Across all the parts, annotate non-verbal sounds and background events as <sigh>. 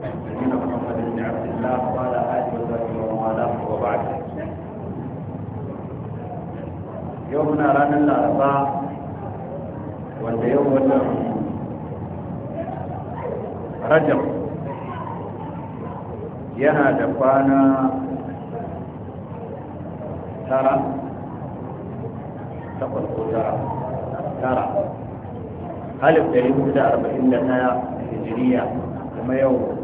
سيدنا محمد بن عبد الله وعلى آله وصحبه ومن والاه وبعد يومنا رانا الأربعاء ولا يوم ولا رجب yana da kwana tara takwas ko tara tara halif ɗari hudu da arba'in da ɗaya hijiriya kuma yau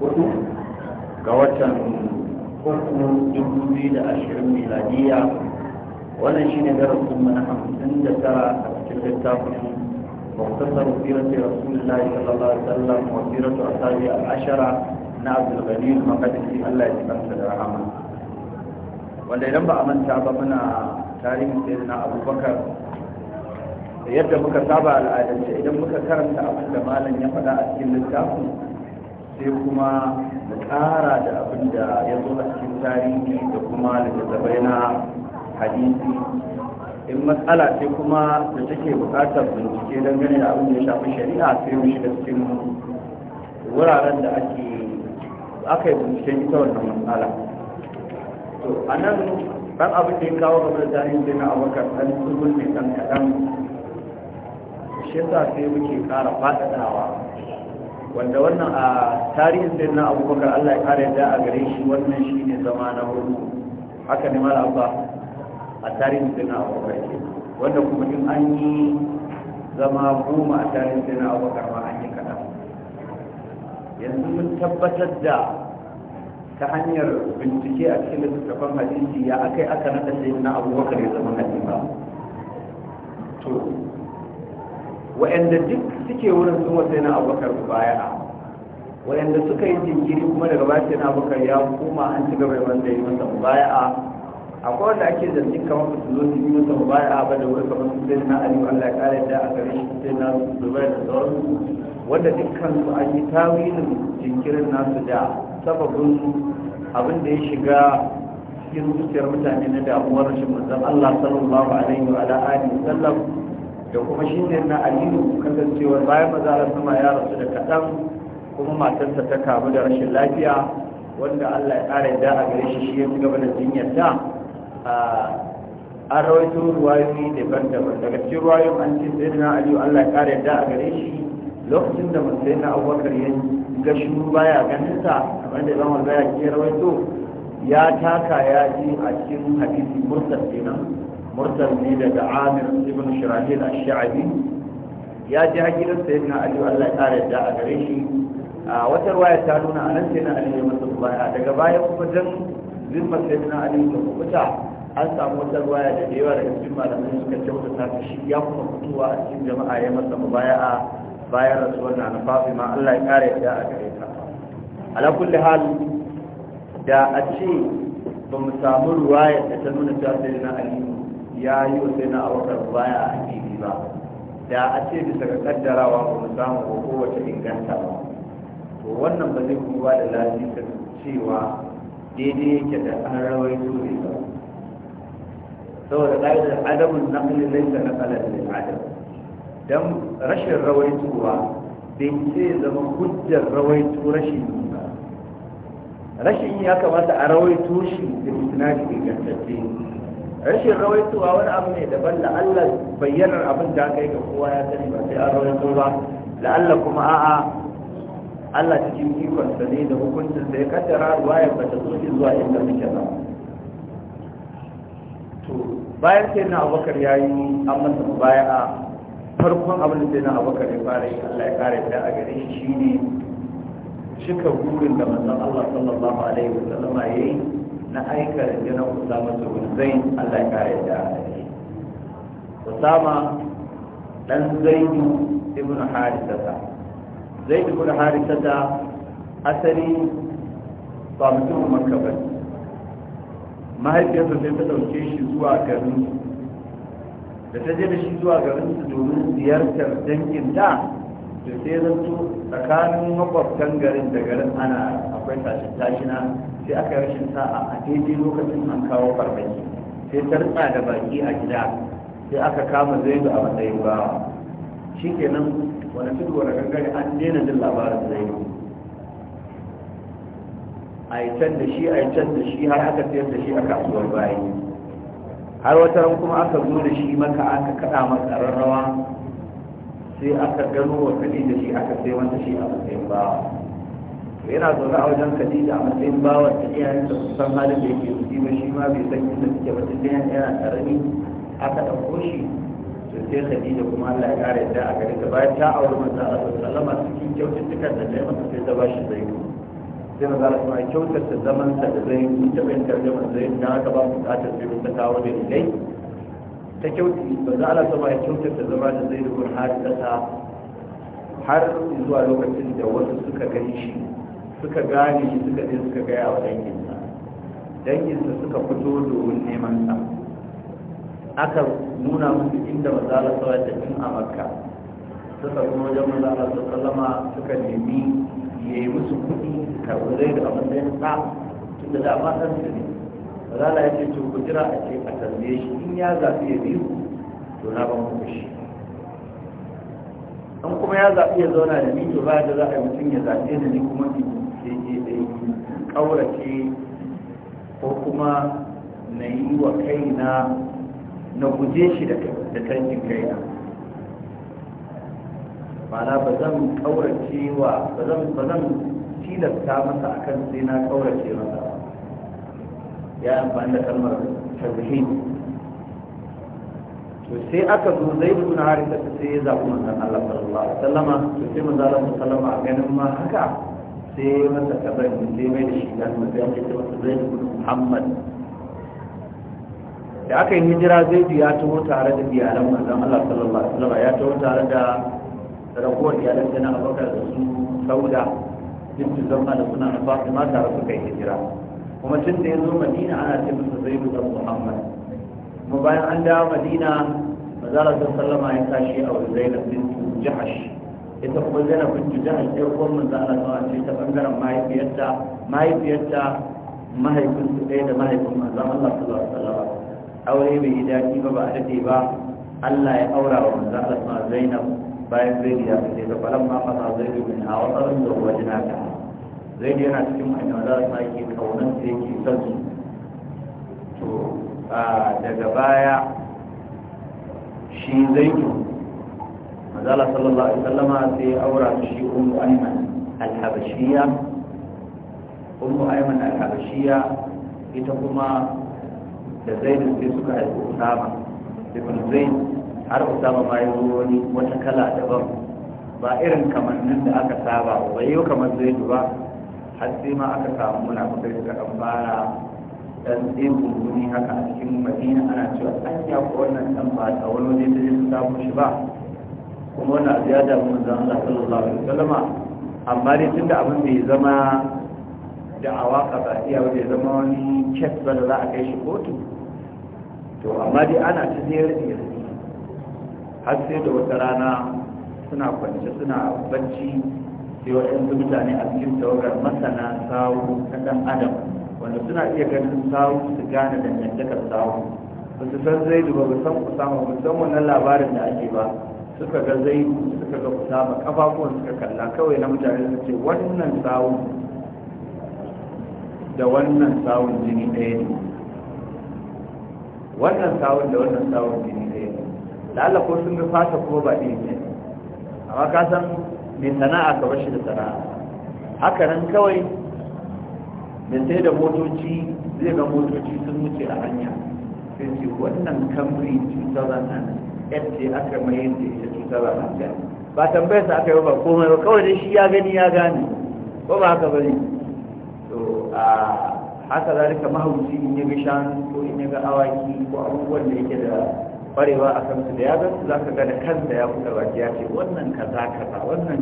hudu ga watan uku dubu biyu da ashirin miladiya wannan shi ne darasin mana hamsin da tara a cikin littafin muktasar sirati rasulullahi sallallahu alaihi wasallam wa siratu asabi al-ashara na abdul ghani al-maqdisi Allah ya tsanta da rahama wanda idan ba a manta ba muna tarihin na abubakar yadda muka saba al'adance idan muka karanta abin da malam ya faɗa a cikin littafin sai kuma da tsara da abin da ya zo a cikin tarihi da kuma littattafai na hadisi in matsala ce kuma da take buƙatar bincike dangane da abin da ya shafi shari'a sai mu shiga cikin wuraren da ake aka yi bincike ita wannan matsala to a nan ɗan abin da ya kawo gaba da tarihin sai na abokan ɗan tsibir mai ɗan kaɗan shi yasa sai muke ƙara faɗaɗawa wanda wannan a tarihin sai na abubakar allah ya kare da a gare shi wannan shi ne zama na hudu haka ne mara ba a tarihin sai na abubakar ke wanda kuma in an yi zama goma a tarihin sai na abubakar ma an yi kada yanzu mun tabbatar da ta hanyar bincike a cikin littattafan hadisi ya akai aka naɗa sai na abubakar ya zama hadisi ba to wa'anda duk suke wurin sun wasu yana abubakar baya wa'anda suka yi jinkiri kuma daga baya sai na abubakar ya koma an ci gaba yawan da yi masa baya akwai wanda ake zargin kamar su zo su yi masa baya ba da wuri kamar su sai na aliyu allah ya kare da a gare shi sai na zubar da sauransu wanda dukkan su an yi tawilin jinkirin nasu da sababin abin da ya shiga cikin zuciyar mutane na damuwar rashin manzon allah sallallahu alaihi wa alihi wa sallam da kuma shi ne na aliyu kasancewar bayan mazara sama ya rasu da kaɗan kuma matarsa ta kamu da rashin lafiya wanda allah ya ƙara yadda a gare shi shi ya fi gaba da ta an rawaito ruwayoyi daban-daban daga cikin ruwayoyin an ce sai na aliyu allah ya ƙara yadda a gare shi lokacin da mutai na abubakar ya ga shuru baya ganin sa kamar da zama baya ke rawaito ya taka ya ji a cikin hadisi mursal kenan daga مرسل نيدة عامر ابن شراهيل الشعبي Aliyu Allah ya علي الله تعالى جاء a wata ruwaya ta nuna a nan sai na aliyu masu baya daga baya kuma wajen zimmar sai na aliyu da kuta an samu wata ruwaya da yawa daga cikin malamai suka kyauta ta shi ya kuma fitowa a cikin jama'a ya masa baya a bayan rasuwar na na fafi ma allah ya kare yadda a gare ta ala kulli hal da a ce ba mu samu ruwaya da ta nuna ta sai na aliyu ya yi wa sai na abubakar baya a addini ba da a ce bisa ga kaddarawa ba mu samu ko kowace inganta ba to wannan ba zai kuma da lafiya cewa daidai yake da an rawaito ne ba saboda ƙa'idar adamun naqli na naqalan da adam dan rashin rawaitowa bai ce zama hujjar rawaito rashin yi ba rashin ya kamata a rawaito shi da isnadi ingantacce rashin rawaitowa wani abu ne daban da Allah bayyanar abin da aka yi ga kowa ya sani ba sai an rawaito ba da Allah kuma a'a Allah cikin ikon sa ne da hukuncin sa ya kaddara ruwayar ba ta so shi zuwa inda muke ba to bayan sai na Abubakar yayi an masa a farkon abin da sai na Abubakar ya fara yi Allah ya kare ta a gare shi shine cika burin da manzon Allah sallallahu alaihi wasallam yayi na aika da jina usama su zain allah ya kare da alaƙi usama dan zaidu ibn harisata zaidu ibn harisata asali ba mutum makka ba mahaifiyarsa sai ta ɗauke shi zuwa garin da ta je da shi zuwa garin su domin ziyartar dangin da Da sai zanto tsakanin makwabtan garin da garin ana akwai tashin tashina sai aka yi rashin sa'a a daidai lokacin an kawo farmaki sai tarsa da baki a gida sai aka kama zaidu a matsayin bawa nan, wani fito wani gangare an daina jin labarin zaidu a yi can da shi a yi can da shi har aka sayar da shi a kasuwar bayan har wata ran kuma aka zo da shi maka aka kada masa rarrawa sai aka gano wa khadija shi aka sai wanda shi a matsayin bawa to yana zaune a wajen khadija a matsayin bawa ta iyayen da kusan halin da yake ciki ba shi ma bai san inda suke ba tun yana yana karami aka ɗauko shi to sai khadija kuma Allah ya kare da a gare ta bayan ta aure manzo Allah sallama cikin kyaututtukan da ta masa sai ta ba bashi zai sai manzo Allah kyautar ta zaman sa da zai ta bayan tarjuma zai da haka ba bukatar sai ta kawo da ilai ta kyauti ba za a sama ya kyautar da zama da zai rubun har ƙasa har zuwa lokacin da wasu suka gani shi suka gane shi suka je suka gaya wa danginsa danginsa suka fito domin neman sa aka nuna musu inda mazala sawa da in a makka suka kuma wajen mazala sau sallama suka nemi ya yi musu kuɗi karɓi zai da abin da ya sa tun da dama su ne rana ya ce to ku jira a ce a tambaye shi in ya zafi ya biyu to na ban kuma shi an kuma ya zafi ya zauna da ni to baya da za a yi mutum ya zafi da ni kuma in ke ke ɗaya ƙaurace ko kuma na yi wa kaina na guje shi da tankin kaina mana ba zan ƙaurace wa ba zan tilasta masa akan sai na ƙaurace masa ya amfani da kalmar tazhin to sai aka zo zai kuna har ta sai ya zaɓi manzon Allah sallallahu alaihi wasallama to sai manzon Allah sallallahu alaihi wasallama ganin ma haka sai masa kazan sai mai da shi dan mutum ya ce masa zai ibn Muhammad da aka yi hijira zai ya taho tare da iyalan manzon Allah sallallahu alaihi wasallama ya taho tare da rabuwar iyalan na Abubakar da su Sauda duk da zama da suna na Fatima tare suka yi hijira kuma tun da ya zo madina ana ce masa zai da muhammad kuma bayan an dawo madina mazala sun sallama ya tashi a wani zainab bintu jahash ita kuma zainab bintu jahash ɗaya kuma manzala sun ce ta bangaren mahaifiyarta mahaifiyarta mahaifinsu ɗaya da mahaifin manzan allah sallallahu alaihi wasallam aure bai yi daɗi ba ba a daɗe ba allah ya aura wa manzan allah zainab bayan zai ya fice da falamma fasa zai bin a wasu da wajen ta. zai da yana cikin wanda za su ake kaunar da yake son su to daga baya shi zai yi mazala sallallahu alaihi sallama sai aura su shi umu aiman alhabashiya umu aiman habashiya ita kuma da zai da sai suka haifi usama ibn zain har usama ma ya wani wata kala daban ba irin kamannin da aka saba ba yau kamar zai ba har sai ma aka samu munafukai suka kan fara dan sai gunguni haka a cikin madina ana cewa an ya ko wannan dan ba ta wani waje da su samu shi ba kuma wannan abu ya damu manzon Allah sallallahu alaihi wasallama amma dai tunda abin bai zama da awaka ba iya bai zama wani kes ba da za a kai shi kotu to amma dai ana ta ziyar da har sai da wata rana suna kwance suna bacci sai waɗansu mutane a cikin tawagar masana sawu na ɗan adam wanda suna iya ganin sawu su gane dangantakar sawu ba su san zai ba ba san kusama ba san wannan labarin da ake ba suka ga zai suka ga kusama kafafuwan suka kalla kawai na mutane su ce wannan sawu da wannan sawun jini ɗaya ne wannan sawun da wannan sawun jini ɗaya ne lalla ko sun ga fata kuma ba ɗaya ne amma ka san mai sana'a ka bashi da sana'a haka nan kawai mai sai da motoci zai ga motoci sun wuce a hanya sai ce wannan kamri cutar nan yadda aka mai da ita cutar nan ba tambayar sa aka yi ba komai ba kawai dai shi ya gani ya gane ko ba haka bari to a haka zalika mahauci in ya ga ko in ya ga awaki ko abubuwan da yake da kwarewa a kansu da ya su za ka gada kansa ya buɗe baki ya ce wannan kaza kaza wannan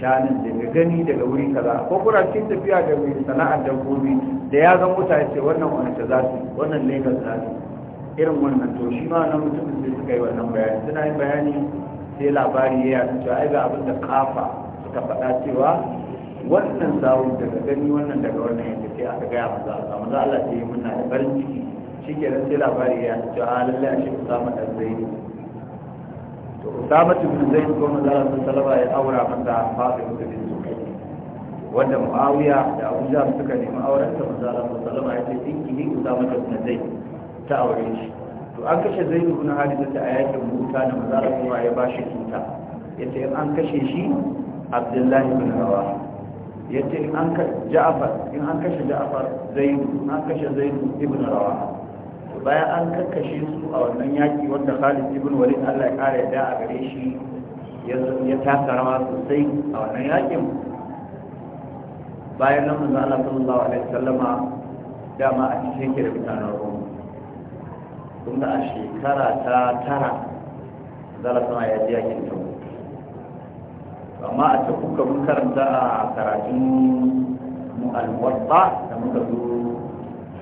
shanin ga gani daga wuri kaza ko kuna cikin tafiya da mai sana'ar dabbobi da ya zan mutane ce wannan wanda za su wannan lagos za su irin wannan to shi ma wannan mutumin sai suka yi wannan bayani suna yin bayani sai labari ya yi cewa ai ga abin da kafa suka faɗa cewa wannan zawo daga gani wannan daga wannan yadda sai aka gaya maza Allah maza Allah sai yi muna da farin ciki shi ke sai labari ya ah, ce a lalle a shi usama da zai to usama tun zai ko manzara sun salama ya aura masa fafi mutu bin su kai. wanda muawiya da abu jam suka nemi auren ta manzara sun salama ya ce in kini usama tun zai ta aure shi to an kashe zai na hadisa ta a yakin muta na manzara kuma ya ba shi tuta ya ce an kashe shi abdullahi bin rawa Yace in an kashe ja'afar in an kashe ja'afar zai in an kashe zai ibn rawa bayan an kakkashe su a wannan yaki wanda Khalid ibn Walid Allah ya kare da a gare shi ya taka rawa sosai a wannan yakin bayan nan manzo Allah sallallahu alaihi wasallama dama a cikin kira mutanen Roma kuma a shekara ta tara zala sama ya ji yakin ta amma a ta kuka mun karanta a karatun mu al-muwatta da muka zo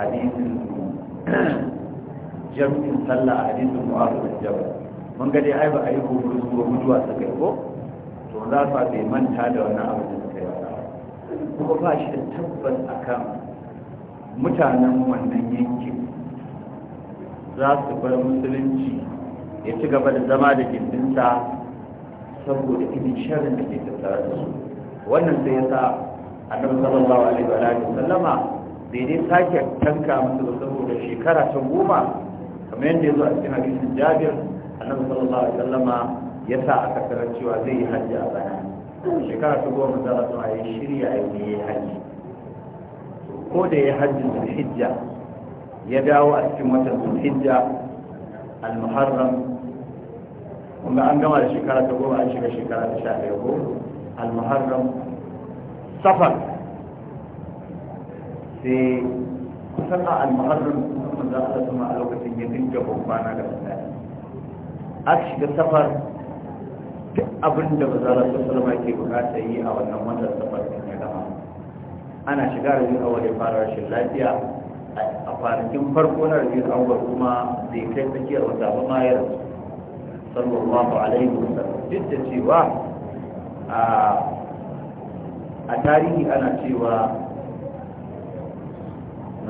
hadisin jami'in sallah a hadisin mu'azu da jabal mun ga dai ai ba a yi kuma su ba mutuwa suka yi ko to za fa bai manta da wannan abu da suka yi kuma ba shi da tabbas a kan mutanen wannan yankin za su bar musulunci ya ci gaba da zama da gindinsa saboda irin sharrin da ke tattara da su wannan sai ya sa a annabi sallallahu alaihi wa alihi sallama daidai sake tanka musu ba saboda shekara ta goma kamar yadda ya zo a cikin hadisin jabir annabi sallallahu alaihi wasallama ya sa aka tarar cewa zai yi hajji a bana shekara ta goma za a zuwa ya shirya ya yi hajji ko da ya hajji zulhijja ya dawo a cikin watan zulhijja al-muharram kuma an gama da shekara ta goma an shiga shekara ta sha ɗaya ko al-muharram safar sai kusan a al-muharram za a zama a lokacin ya dinga bambana da mutane A shiga safar duk abin da manzo su sallallahu ke bukata yi a wannan wannan safar din ya gama ana shiga da yin awali fara rashin lafiya a farakin farko na rabin awal kuma zai kai tsakiyar wata ba ma yi rasu sallallahu alaihi wasallam duk da cewa a tarihi ana cewa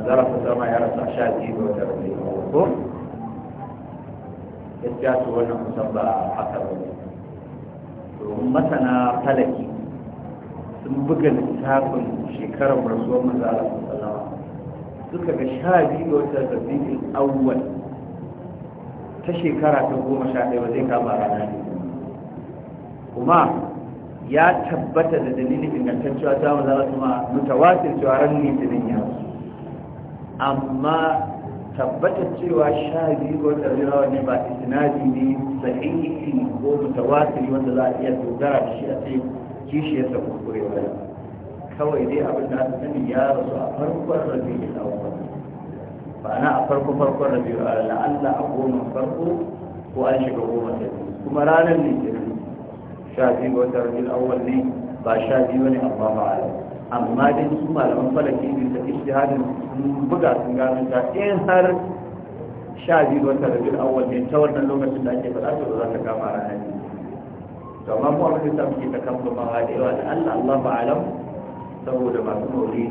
manzara ku zama ya rasa sha biyu da wata rabi ko gaskiya su wannan kusan ba haka ba ne domin masana falaki sun buga littafin shekarar rasuwar manzara ku zama suka ga sha biyu da wata rabi awwal ta shekara ta goma sha ɗaya ba zai kama rana ne kuma ya tabbata da dalilin ingantaccewa ta manzara kuma mutawatir cewa ran litinin ya rasu amma tabbatar cewa sha biyu ko tsarirawa ne ba isnadi ne sahihi ko mutawatir wanda za a iya dogara da shi a ce kishiyarsa kure ba kawai dai abin da aka sani ya rasu a farkon rabi ya dawo ba na a farko farkon rabi la Allah a goma farko ko an shiga goma ta kuma ranar litinin sha biyu ko watan ne ba sha biyu ne amma ba a amma dai su malaman falaki ne da ishtihadin sun buga sun gano ta in har sha biyu wata da rabin awal ne ta wannan lokacin da ake faɗa to za ta kama ranar ne to amma mu abin da muke ta kamfamawa da yawa da Allah Allah ba alam saboda masu mauri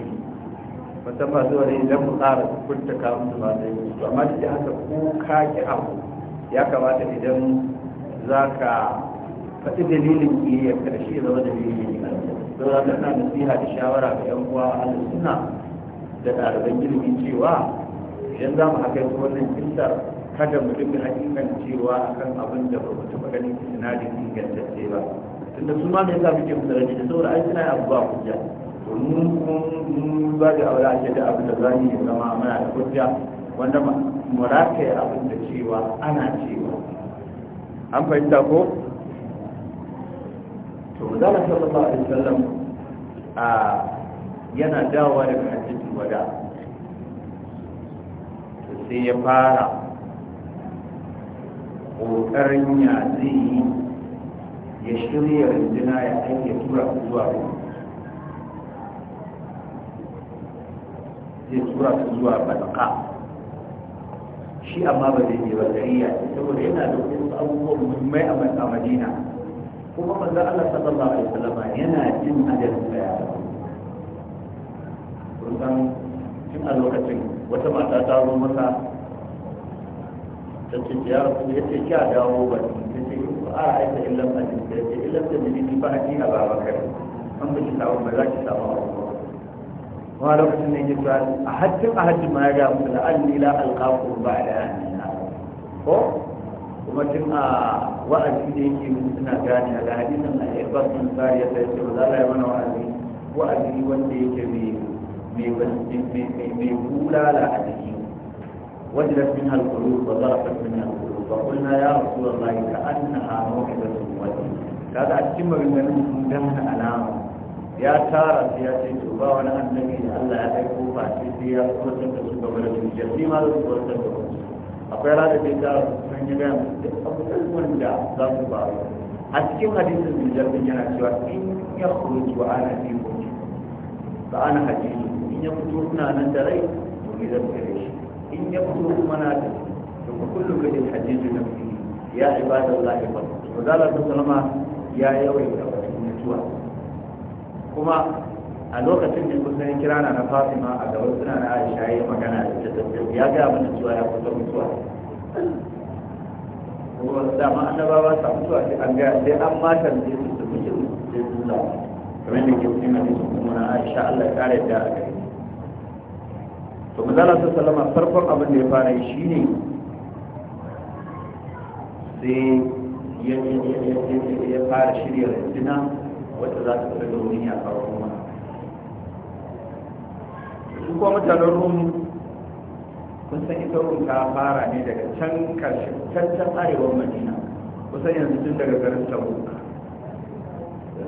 musamman zuwa da idan mu tsara kunta kamun su ba zai to amma da haka ko ka ki abu ya kamata idan za ka faɗi dalilin ƙiyayyar karshe zama dalilin ƙiyayyar don haka na nasiha da shawara ga yan uwa a suna da ɗaliban ilimi cewa idan za mu haka yanzu wannan kisar kada mu dinga hakikan cewa akan abin da ba mu taɓa ganin sinadin ingantacce ba tunda su ma za mu muke mu rage da saboda ai suna abu ba hujja to mun mun ba da aure a da abin da za mu yi zama muna da hujja wanda mu rataye abin da cewa ana cewa an fahimta ko to zala sallallahu alaihi wasallam a yana dawowa daga hajjatul wada to sai ya fara kokarin ya zai yi ya shirya rundunar ya ya tura zuwa ruwa zai tura su zuwa balka shi amma ba zai yi ba sai saboda yana da wasu abubuwan muhimmai a madina kuma manzo Allah sallallahu alaihi wasallam yana jin ajalin tsaya kun san a lokacin wata mata ta zo masa ta ce ya rabu ya ce kya dawo ba ta ce a aika illan ajin da ya ce illan da jini ba a jina ba ba kai an ba ki samu ba za ki samu abubuwa kuma lokacin ne yake a hajjin a hajjin ma ya ga musu la'alli la ba da ya ko kuma tun a wa'azi da yake mun suna gane a hadisin a irbar sun tsari ya sai ce ba za a yi mana wa'azi wa'azi wanda yake mai bulala a jiki wajidat min al-qulub wa zarafat min al-qulub wa qulna ya rasulullah ka annaha mawqidatun wadi kaga a cikin maganganun sun gane alama ya tara su ya ce to ba wani annabi da Allah ya kai aiko ba sai ya tsoratar da su gaba da su jami'a da su tsoratar da su akwai rada ya tara su sannan yi bayan da abubuwan da za su faru a cikin hadisin da din yana cewa in ya kuruci wa ana fi kuruci ba ana hadisi in ya fito kuna nan da rai to ne zan kare shi in ya fito kuma na da to ku kullu gadin hadisi na fi ya ibadallahi ba to da Allah sallama ya wani wasu mutuwa kuma a lokacin da kusan ya kira na Fatima a gaban suna na Aisha ya magana da ta tafiya ya ga mana cewa ya kusa mutuwa kuma dama annabawa sa mutuwa sai an ga sai an matar da su da mutum da su da kamar da ke cikin hadisi kuma na Aisha Allah ya kare da a gare to manzala sallallahu alaihi wasallam farkon abin da ya fara yi shine sai ya fara shirya rundina wacce za ta fita da wurin ya kawo kuma su kuma mutanen rumu sauran ta fara ne daga can karshen cancan arewar madina kusan yanzu tun daga garin tabuk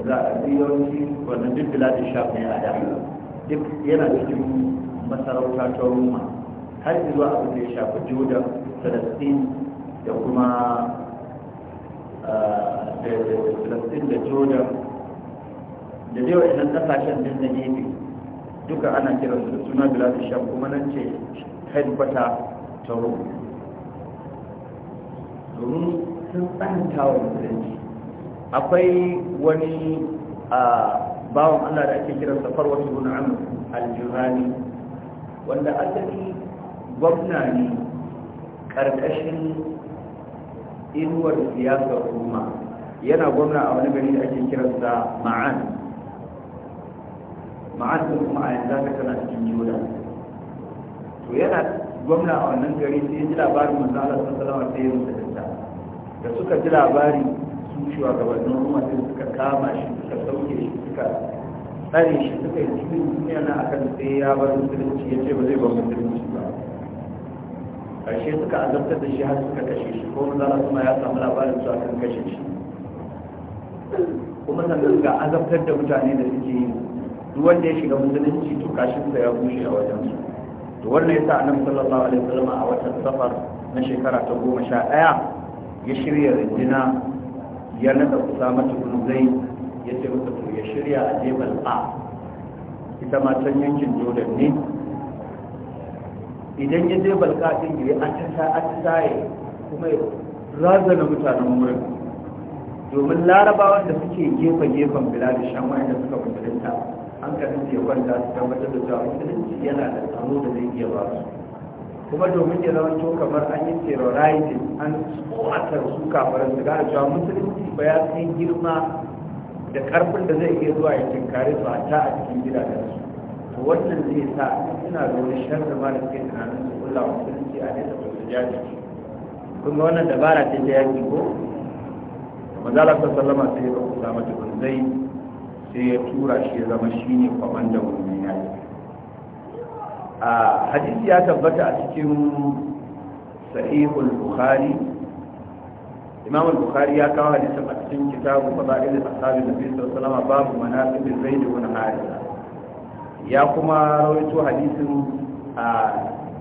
za a bi yawanci wannan duk biladin da shafi a da duk yana cikin masarauta ta roma har zuwa abin da ya shafi juda falastin da kuma falastin ah, da juda da dai wa'annan kasashen din na gefe duka ana kiransu da suna da shafi kuma nan ce headquarter ta rome domin sun tsananta wa musulunci akwai wani a bawan allah da ake kiransa farwatu bin amur aljihani wanda asali gwamna ne ƙarƙashin inuwar siyasar roma yana gwamna a wani gari da ake kiransa ma'an ma'an kuma a yanzu haka tana cikin jordan to yana gwamna a wannan gari sai ya ji labarin manzo Allah sallallahu alaihi wasallam sai ya musulunta da suka ji labari su gabanin kuma sai suka kama shi suka sauke shi suka tsare shi suka yi cikin duniya na akan sai ya bar musulunci ya ce ba zai bar musulunci ba karshe suka azabtar da shi har suka kashe shi ko manzo kuma ya samu labarin su akan kashe shi kuma sannan ga azabtar da mutane da suke yi duk wanda ya shiga musulunci to kashin sa ya bushe a wajen su to wannan yasa annabi sallallahu alaihi wasallam a watan safar na shekara ta goma sha ɗaya ya shirya rijina ya nada kusa mata zaid ya ce masa to ya shirya a jebal a ita ma can yankin jordan ne idan ya je balka din ya ta ataye kuma ya razana mutanen wurin domin larabawan da suke gefe gefen shan sham da suka mutunta hankalin su ya kwanta su tabbatar da cewa musulunci yana da tsaro da zai iya ba su kuma domin ya zama to kamar an yi terrorizing an tsoratar su kafar su gane cewa musulunci ba ya kai girma da karfin da zai iya zuwa ya tinkare su a ta a cikin gidajen su to wannan zai sa suna da wani shan ma da suke tunanin su kula musulunci a nesa ba su jaji kun ga wannan dabara ce ta yaki ko sassan sallama sai ya kusa da kun zai sai ya tura shi ya zama shi ne kwamandan wannan yaƙi a hadisi ya tabbata a cikin sahihul bukhari imam al-bukhari ya kawo hadisin a cikin kitabu fadail ashabi nabi sallallahu alaihi salama babu manaqib zaid ibn harisa ya kuma rawaito hadisin a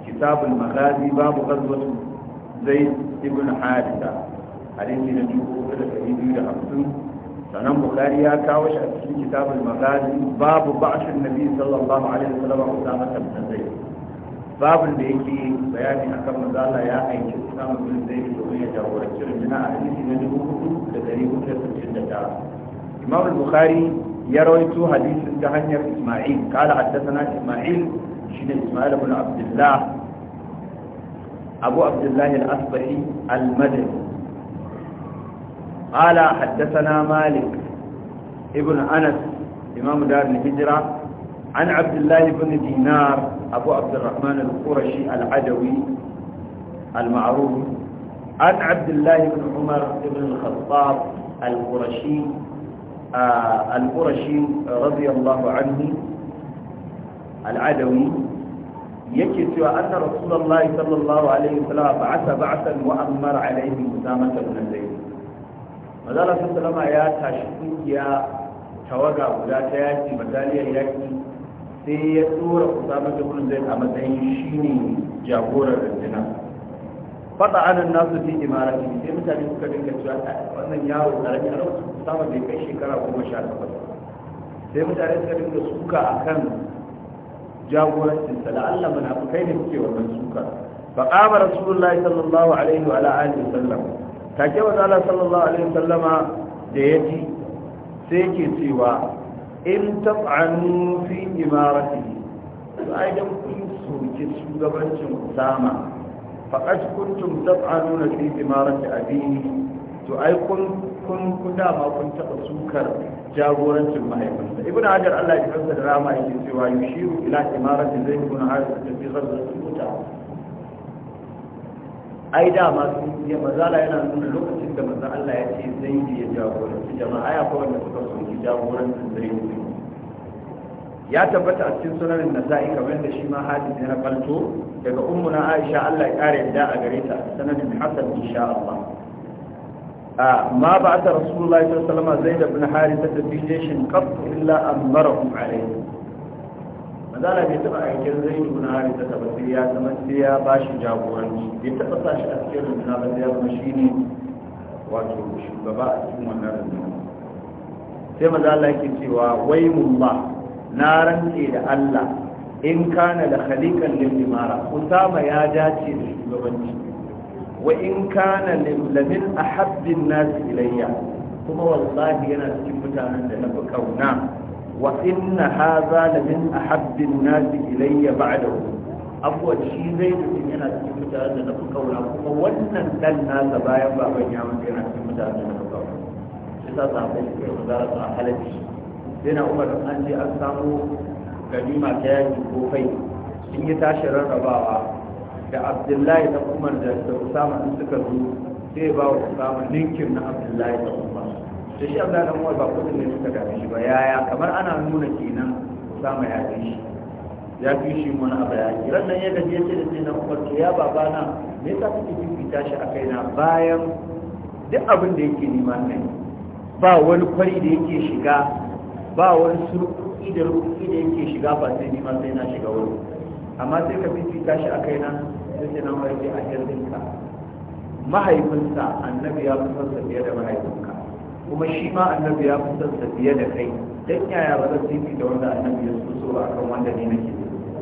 kitabun maghazi babu ghazwat zaid ibn harisa hadisi na 2250 sannan bukari ya kawo shi a cikin kitabul magani babu ba'shin nabi sallallahu alaihi wasallam usama bin zaid babu da yake bayani akan mazala ya aiki usama bin zaid domin ya jagoranci runduna a hadisi na dubu hudu da dari hudu da sittin da tara imam bukhari ya rawaito hadisin ta hanyar isma'il kala haddathana isma'il shine isma'il ibn abdullah abu abdullah al-asbahi al-madani قال حدثنا مالك ابن أنس إمام دار الهجرة عن عبد الله بن دينار أبو عبد الرحمن القرشي العدوي المعروف عن عبد الله بن عمر بن الخطاب القرشي آه القرشي رضي الله عنه العدوي يكتب أن رسول الله صلى الله عليه وسلم بعث بعثا وأمر عليه أسامة بن زيد mazala sun salama ya tashi kungiya tawaga guda ta yaki bataliyar yaki sai ya tsora kusa da kudin zai a matsayin shi ne jagorar rundunar fata anan nasu fi ne sai mutane suka dinga cewa wannan yawon karami a lokacin kusamar da ya kai shekara goma sha takwas sai mutane suka dinga suka akan jagorancin sa mana kai ne suke wannan suka fa kama rasulullahi sallallahu alaihi wa alihi sallam. take wa Allah sallallahu alaihi wasallama da yaji sai yake cewa in taf'anu fi imaratihi ai dan kun soke shugabancin Usama faqad kuntum taf'anuna fi imarati abihi to ai kun kun kuda ma kun taba sukar jagorancin mahaifinsa ibnu hajar Allah ya kansa da rama yake cewa yushiru ila imarati zaid ibn harith fi ghazwatil muta ai dama sun yi mazala yana nuna lokacin da maza Allah ya ce zai yi ya jagoranci jama'a ya da suka soki jagorancin zai yi ya tabbata a cikin sunanin nasa'i kamar da shi ma hadis ya rabalto daga ummuna aisha Allah ya kare yadda a gare ta sanadin hasan insha Allah A بعث رسول ta صلى الله عليه وسلم زيد بن حارثة في جيش قط إلا أمرهم عليه zala bai taɓa aikin zai nuna hari ta taɓa sai ya zama sai ya ba shi jagoranci bai taɓa sa shi a cikin rundunar ba sai ya zama shi ne wato shugaba a cikin wannan rundunar sai maza Allah yake cewa wai mullah na rantse da Allah in kana da khalikan lil imara usama ya dace da shugabanci wa in kana lamin ahabbin nas ilayya kuma wallahi yana cikin mutanen da na fi kauna وإن هذا لمن أحب الناس إلي بعده أبو شيء زي mutum yana cikin mutanen da kuka wula kuma wannan dan nasa bayan baban ya mutu yana cikin mutanen da kuka wula shi sa sahabbai suka yi mazara su a halabi sai na umar an je an samu ganima ta yaki ko sun yi tashi rarrabawa da abdullahi da umar da usama in suka zo sai ba usama ninkin na abdullahi da umar da shi abu da umar ba kudin ne suka dame shi ba yaya kamar ana nuna kenan sama ya fi shi ya fi shi mana abu ya rannan ya gaji ya ce da sai na umar to ya baba na me yasa kake fifita shi a kaina bayan duk abin da yake nema nan ba wani kwari da yake shiga ba wani surkuki da rukuki da yake shiga ba sai nima sai na shiga wani amma sai ka fifita shi a kaina sai sai na umar ya a a ka. mahaifinsa annabi ya fi son fiye da mahaifinka kuma shi ma annabi ya fi son fiye da kai dan yaya ba zan fifi da wanda annabi ya so a kan wanda ne nake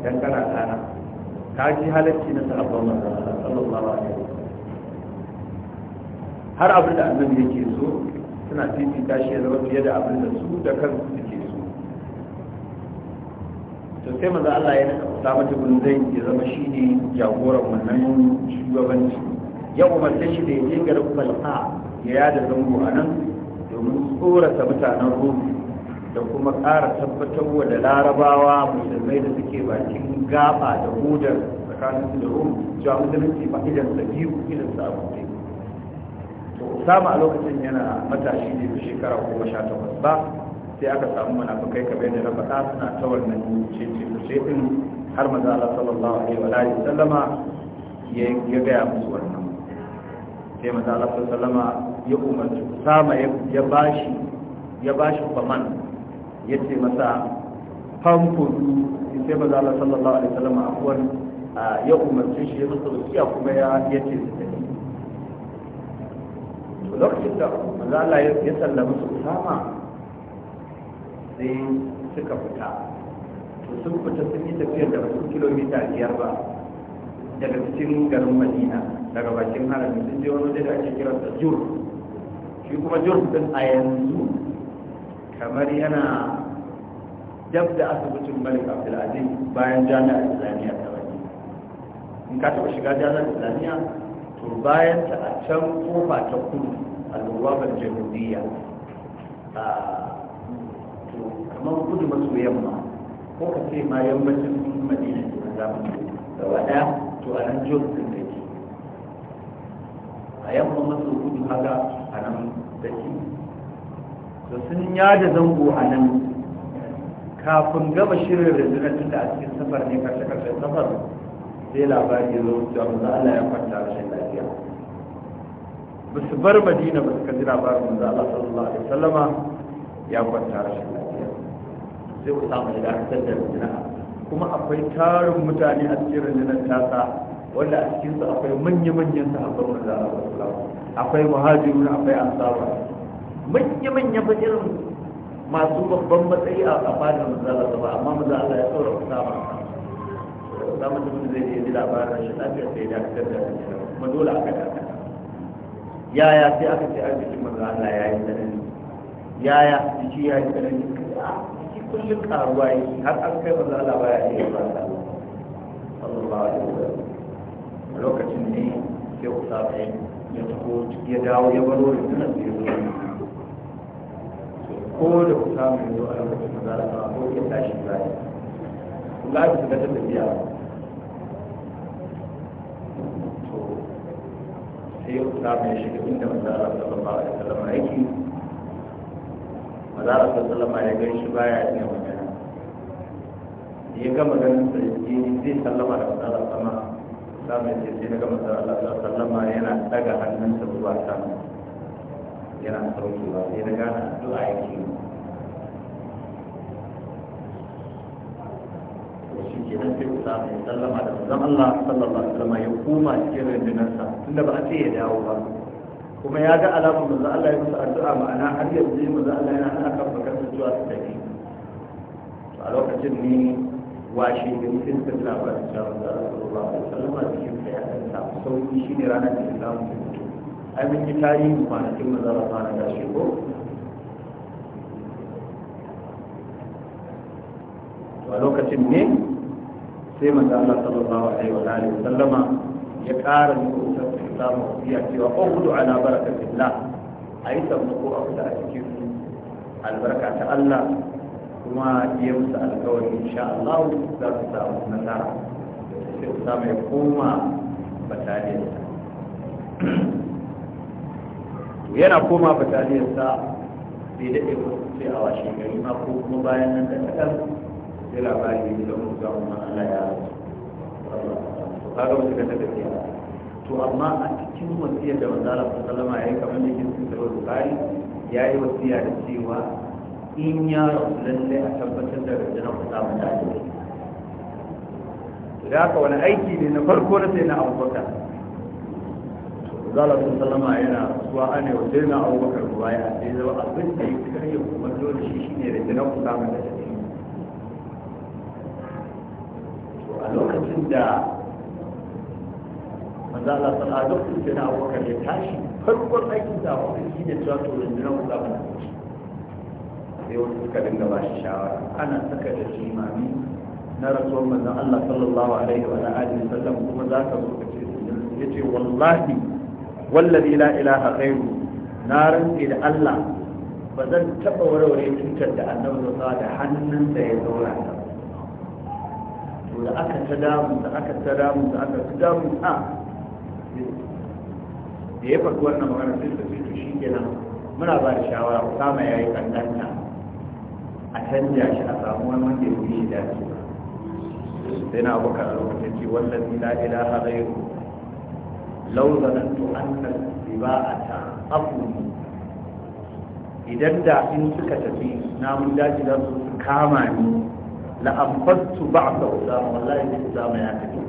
dan kana kana ka ji halacci na sahabban a Allah sallallahu alaihi wasallam har abin da annabi yake so suna ta shi ya zama fiye da abin da su da kansu suke so to sai maza Allah ya naka Usama ibn Zayd ya zama shi ne jagoran wannan shugabanci Yau umarce shi da ya je garin Balqa ya yada zango a nan domin tsorata mutanen rumi da kuma ƙara tabbatar da larabawa musulmai da suke bakin gaba da hudar tsakanin su da rumi cewa musulunci ba idan sa biyu idan sa abubuwa ne to samu a lokacin yana matashi ne da shekara goma sha takwas ba sai aka samu munafukai kamar yadda na faɗa suna ta wannan cece kuce din har maza Allah sallallahu alaihi wa alihi sallama ya gaya musu wannan sai maza Allah sallallahu alaihi wa sallama ya umarci sama ya bashi ya bashi kwaman ya ce masa famfudu sai ba za sallallahu alaihi wasallam afuwan ya umarci shi ya masa wasiya kuma ya ce su tafi to lokacin da manzala ya sallama su sama sai suka fita to sun fita sun yi tafiya da wasu kilomita biyar ba daga cikin garin madina daga bakin harami sun je wani da ake kiransa jur shi kuma jirgin a yanzu kamar yana jab da asibitin malik abdulaziz bayan jami'ar islamiyya ta wani in ka taɓa shiga jami'ar islamiyya to bayan ta a can kofa ta kudu al'uwabar jamhuriya a to kamar kudu masu yamma ko ka ce ma yammacin madina ne na zamani gaba ɗaya to a nan jirgin ne a yamma maso gudu haka a nan da shi da sun da zango a nan kafin gaba shirin rezina tun da a cikin safar ne karshe karshe safar sai labari ya zo cewa manzo Allah ya kwanta rashin lafiya ba su bar madina ba su kaji labarin manzo Allah sallallahu alaihi wasallama ya kwanta rashin lafiya sai ku samu da aka da rundunar kuma akwai tarin mutane a cikin ta sa. wanda a cikinsu akwai manya-manyan sahabban manzo Allah sallallahu akwai muhajirun akwai ansaba manya-manya ba irin masu babban matsayi a fadin manzo Allah ba amma manzo Allah ya tsora usama zama da mun zai yi labarin shi lafiya sai da aka da kuma dole aka da yaya sai aka ce a cikin manzo Allah ya yi tsanani yaya jiki ya yi tsanani ah, jiki kullum karuwa yi har an kai manzo Allah baya yi ba sallallahu alaihi wasallam lokacin ne sai usama ya taho ya dawo ya baro da tunan da ya zo ko da ku samu yanzu a lokacin da za a samu abokin tashi zai ku ga su ga ta tafiya to sai ku samu ya shiga inda manzara sallallahu alaihi wasallam aiki mazara sallallahu alaihi ya gan shi baya ne magana ya gama ganin sarki zai sallama da manzara sallallahu samun ce daga masarar Allah sallama yana daga hannunsa zuwa sama yana saukewa sai daga addu'a yake shi ke nan sai Usama ya sallama da zan Allah sallallahu alaihi wasallam ya koma cikin rundunarsa tunda ba a ce ya dawo ba kuma ya ga alamun manzon Allah ya musu addu'a ma'ana har yanzu manzon Allah yana ana kafa kansa zuwa su tafi a lokacin ne washe ne mutum sun labarin shawar da rasulullah sallallahu alaihi cikin sa ya kanta sauki shine ranar da islamu ta fito ai mun yi tarihi kwanakin mazara kwana da shi ko a lokacin ne sai manzo Allah sallallahu alaihi wa alihi wa sallama ya ƙara nuna islamu biya cewa uhudu ala barakatillah ayi sabu ko a fita a cikin albarka ta Allah kuma ya musu alkawari insha Allah za su samu nasara sai Usama ya koma bataliyarsa yana koma bataliyarsa sai da iko sai a washe gari ma ko kuma bayan nan da kadan sai labari ne da mu ga mu Allah ya rasu kaga wasu da tafiya to amma a cikin wasiyar da manzo Allah sallallahu ya yi kamar yake cikin Bukhari ya yi wasiya da cewa in ya rasu lallai a tabbatar da na rundunar mu dace da haka wani aiki ne na farko na sai na abubakar zala sun salama yana zuwa ana yau sai na abubakar ruwa ya sai zama abin da ya fi karye kuma dole shi shi ne da jina ku samun da tafi a lokacin da mazala sun a lokacin abubakar ya tashi farkon aikin da abubakar shi ne cewa to rundunar ku samun da tafi sai wasu suka dinga ba shi shawara ana saka da limami na rasuwar manzon Allah sallallahu alaihi wa alihi sallam kuma za ka zo ka ce ya ce wallahi wallazi la ilaha ghairu na rantsi da Allah ba zan taɓa warware cutar da annabi sallallahu da hannunsa ya zaura ta to da aka ta damu da aka ta damu da aka ta damu a da ya faɗi wannan magana sai su fito shi kenan muna ba da shawara kama ya yi kandanta a canja shi a samu wani wanda ya yi fi dace sai na abu kan lokacin ce wallazi la ilaha ghairu law ba a ta afuni idan da in suka tafi namun daji za su kama ni ba amfattu ba'da usama wallahi zai usama ya tafi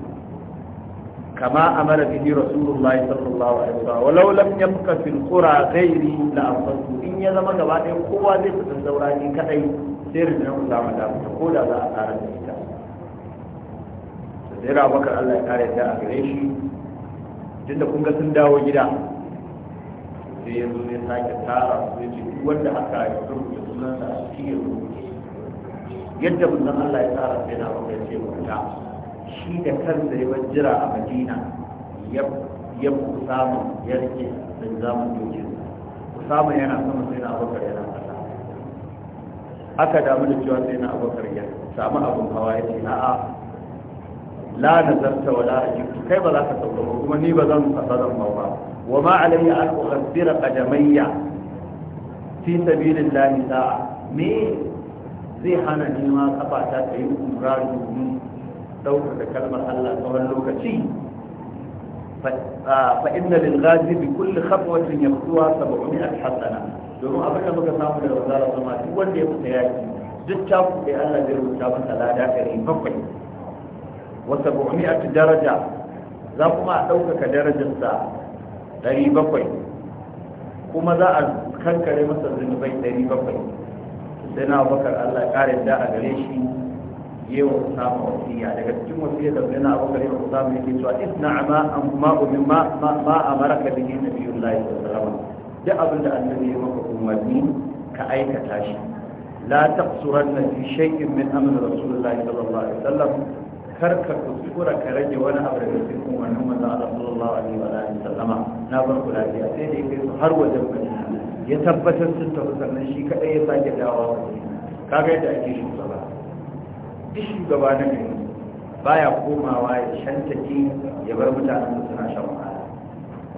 كما أمر به رسول الله صلى الله عليه وسلم ولو لم يبقى في القرى غيري لأنفسه إن يزم قبعد قوة ذي فتزوراني كأي سير من أمزام دام تقول هذا أثار الميتا سير أبو الله تعالى يتعى قريشي tunda kun ga وجدا dawo gida sai ya zo ya sake tara su ya ce duk wanda aka yi rubuta sunansa a cikin rubuce yadda shi da kansa ya jira a madina ya samu ya rike da zamun dokin usama yana sama sai na abokar yana kasa aka damu da cewa sai na abokar ya samu abin hawa ya ce a la wa wala ajibtu kai ba za ka sauka ba kuma ni ba zan kasa zan ba wa ma alayya an ukhassira qadamayya fi sabilillahi sa'a me zai hana ni ma kafata ta yi umra domin ɗaukaka kalmar Allah tsawon lokaci fa inna lil ghazi bi kulli khatwatin yamsuha 700 hasana domin abin da muka samu da wazara zama duk wanda ya fita yaki duk ta kuɗe Allah zai rubuta masa lada ɗari bakwai wa 700 daraja za kuma a ɗaukaka darajarsa ɗari bakwai kuma za a kankare masa zunubai ɗari bakwai sai na bakar Allah ƙarin da a gare shi yawa usama wasiya daga cikin wasiyar da yana abu kare usama yake cewa isna ma amma umin ma ma amaraka bihi nabiyullahi sallallahu alaihi wasallam duk abin da annabi ya maka umarni ka aikata shi la taqsuranna fi shay'in min amr rasulillahi sallallahu alaihi wasallam kar ka kuskura ka rage wani abu daga cikin wannan manzo Allah sallallahu alaihi wa alihi sallama na barku lafiya sai da yake har wajen Madina ya tabbatar sun tafi sannan shi kadai ya sake dawowa kaga yadda ake shi ba shugaba na gari baya komawa ya shantaki ya bar mutanen da suna shan wahala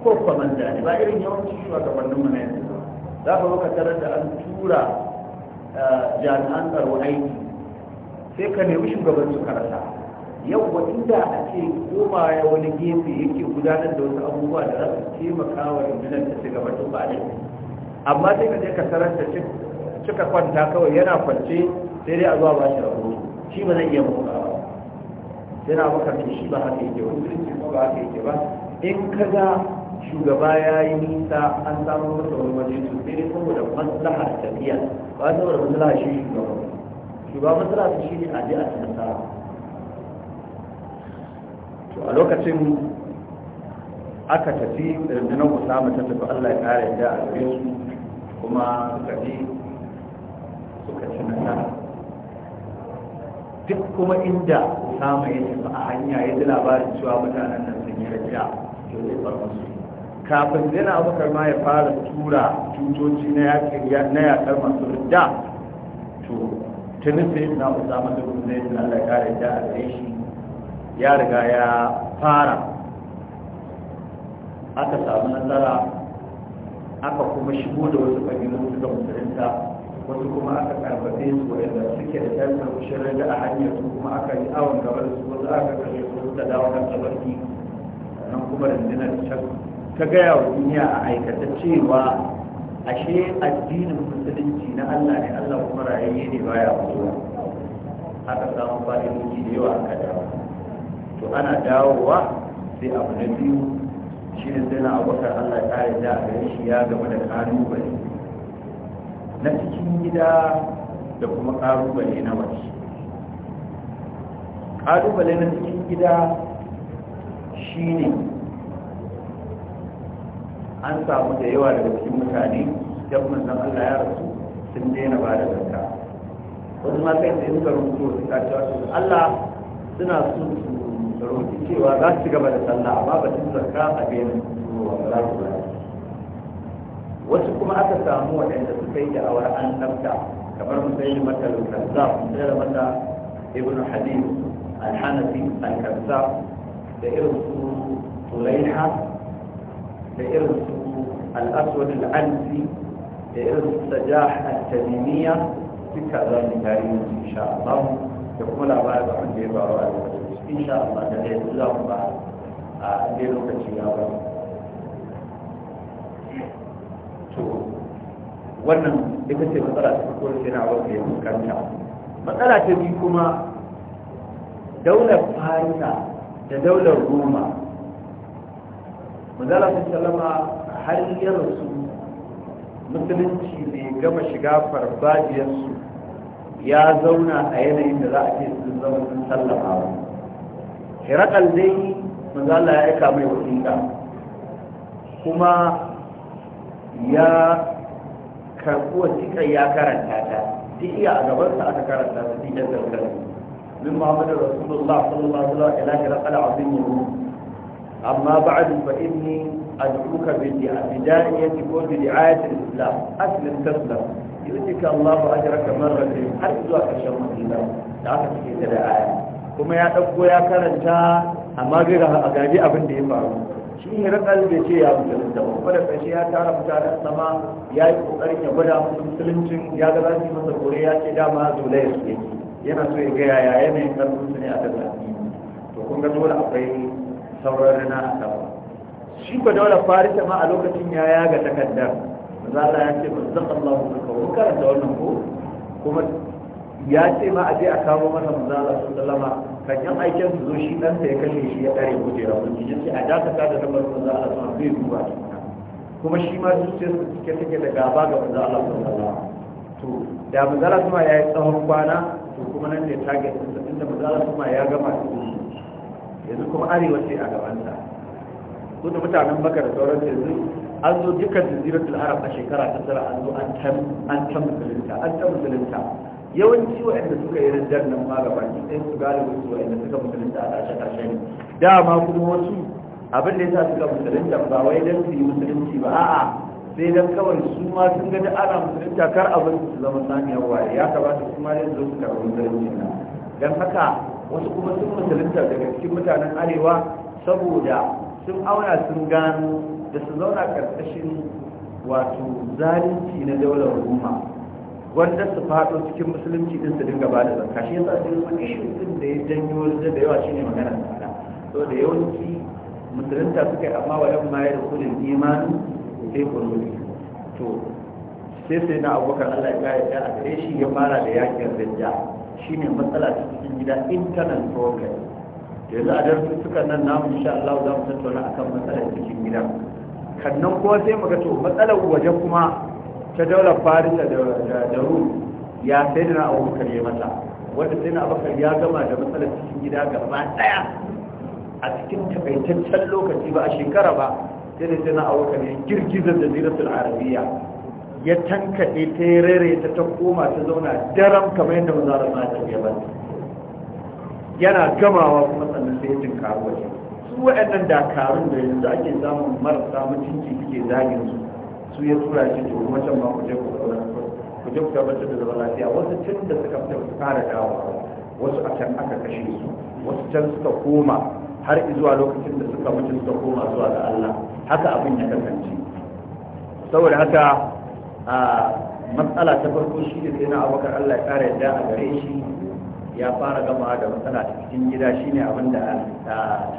ko da ne ba irin yawancin shugabannin mu na yanzu za ka baka tarar da an tura eh, jami'an tsaro aiki sai ka nemi shugaban su karasa yau wa inda ake koma ya wani gefe yake gudanar da wasu abubuwa da za su taimaka wa rundunar ta shiga batun ba ne amma sai ka je ka tarar da cika kwanta kawai yana kwance sai dai a zuwa ba shi rahoto shi ba zai iya ba. sai na maka ce shi ba haka yake wani kirki ko ba haka yake ba in ka ga shugaba ya yi nisa an samu masa wani waje su sai dai saboda maslahar tafiya ba saboda maslahar shi shugaba shugaba maslahar shi ne a je a nasara to a lokacin aka tafi rundunar usama ta tafi allah ya kare da a gare su kuma suka ji suka ci nasara duk kuma inda samu ya tafi a hanya ya ji labarin cewa mutanen nan sun yi rajiya to zai bar musu kafin zina abubakar ma ya fara tura tutoci na yakar masu rida to tuni sai na usama da kuma zai zina da kare da a shi ya riga ya fara aka samu nasara aka kuma shigo da wasu kabilu suka musulunta wasu kuma aka karfafe su wadanda suke da tasar shirin da a hanyar su kuma aka yi awon gabar su wasu aka kashe su da dawo kan tabarki nan kuma rundunar ta gaya wa duniya a aikata cewa ashe addinin musulunci na Allah ne Allah kuma rayayye ne baya mutuwa aka samu fa'idoji da yawa aka dawo to ana dawowa sai abu na biyu shi ne sai na abokan Allah ya kare da a gare shi ya gaba da bari na cikin gida da kuma ƙalubale na waje ƙalubale na cikin gida shi ne an samu da yawa daga cikin mutane don manzan Allah ya rasu sun daina ba da zarka wasu ma kai sai suka rubuto su ka cewa su Allah suna su su rubuci cewa za su gaba da sallah amma ba su zarka a bayan su ba za su ba wasu kuma aka samu waɗanda suka yi da'awar annabta kamar musayin mata al-kazzab musayin mata ibn hadith al-hanafi da irin su tulaiha da irin su al-aswad al-ansi da irin su sajah al-tamimiyya duka za mu tarihi insha Allah da kuma labarin da wanda ya ba a lokacin insha Allah da ya zuwa ba a lokacin ya faru to wannan ita ce matsala ta farko da yana da ya fuskanta matsala ta biyu kuma daular farisa da daular roma mazala ta salama har su musulunci bai gama shiga farfajiyarsu ya zauna a yanayin da za a ce sun zama sun sallama wa hirakal dai mazala ya aika mai wasiƙa kuma ya karɓi wasiƙar ya karanta ta ta iya a gabansa aka karanta ta ta iya zargar min muhammadu rasulullah sallallahu alaihi wa sallam ila kira ala abin yahu amma ba'du fa inni ad'uka bi bidaiyati ko bi di'ayati al-islam aslim taslam yu'tika Allahu ajraka marratayn har zuwa ƙarshen madina da aka cike ta da aya kuma ya dauko ya karanta amma gaira a gaji abin da ya faru shi hirɗar bai ce ya musulunta ba kuma da kashi ya tara mutanen sama ya yi ƙoƙarin ya gwada musu musuluncin ya ga za su yi masa kore ya ce dama dole ya su yana so ya ga yaya yanayin karfin su ne a kan to kun ga dole akwai sauran rana a sama shi ko daular farisa ma a lokacin ya yaga takardar zala ya ce mazzaka Allah mu kawo karanta wannan ko kuma ya ce ma a je a kawo masa manzala sallallahu alaihi kan aikin su zo shi ɗansa ya kashe shi ya ɗare kujera kun ji ce a dakata da lamar za a sun zai duba kuma shi ma zuciyar su ke take da gaba ga manzo Allah sallallahu to da manzo Allah kuma ya yi tsawon kwana to kuma nan ne target din sabin da manzo Allah kuma ya gama su yanzu kuma arewa ce a gabanta kuma mutanen baka da sauran yanzu an zo dukkan jaziratul arab a shekara ta tara an zo an tam an tam musulunta an tam musulunta yawanci wa'anda suka yi rajar nan ma gaba ki sai su galibin su wa'anda suka musulunta a ƙarshe ƙarshe ne dama kuma wasu abin da ya sa suka musulunta ba wai don su yi musulunci ba a'a sai dan kawai su ma sun gani ana musulunta kar abin su zama saniyar waye ya kamata su ma ne su su karɓi musulunci na don haka wasu kuma sun musulunta daga cikin mutanen arewa saboda sun auna sun gano da su zauna ƙarƙashin wato zalunci na daular roma wanda su faɗo cikin musulunci din su dinga bada zakka shi yasa sai wani ishu din da ya janyo wani da yawa shine magana zakka to da yawanci musulunta suka yi amma wayan ma ya da kudin imani sai kurmi to sai sai na abokan Allah ya ya a gare shi ya fara da yakin rinja shine matsala ta cikin gida internal problem da yanzu a suka nan namu insha Allah za mu tattauna akan matsalar cikin gida kannan kuma sai mu ga to matsalar waje kuma ta daular farisa da rum ya sai da abu kare mata wanda sai na ya gama da matsalar cikin gida gaba daya a cikin takaitaccen lokaci ba a shekara ba sai da sai na abu ya girgizar da ziratul arabiya ya tankaɗe ta yi rere ta ta koma ta zauna daren kamar yadda mazarar mata ya ba yana gamawa kuma sannan sai ya tinka waje su waɗannan dakarun da yanzu ake samun marasa mutunci suke zagin su su ya tura shi kuma wancan ba ku je ku ku je ku tabbatar da zaman lafiya wasu tun da suka fita su fara dawowa wasu a can aka kashe su wasu can suka koma har zuwa lokacin da suka mutu suka koma zuwa ga Allah haka abin ya kasance saboda haka a matsala ta farko shi da sai na abokan Allah ya kare yadda a gare shi ya fara gama da matsala ta cikin gida shine abin da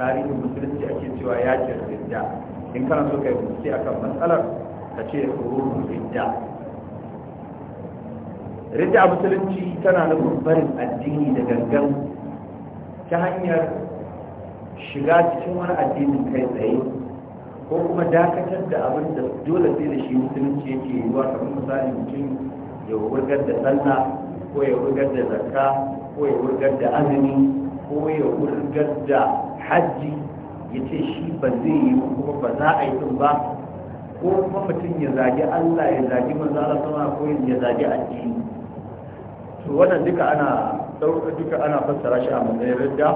tarihin musulunci ake cewa ya ce in kana so ka kai a akan matsalar ka ce hurufin ridda ridda a musulunci tana nufin barin addini da gangan ta hanyar shiga cikin wani addinin kai tsaye ko kuma dakatar da abin da dole sai da shi musulunci yake yiwuwa kamar misali mutum ya wurgar da sallah ko ya wurgar da zakka ko ya wurgar da azumi ko ya wurgar da hajji ya ce shi ba zai yi kuma ba za a yi ba ko kuma mutum ya zagi Allah ya zagi manzo sama ko ya zagi addini to wannan duka ana dauka duka ana fassara shi a matsayin ridda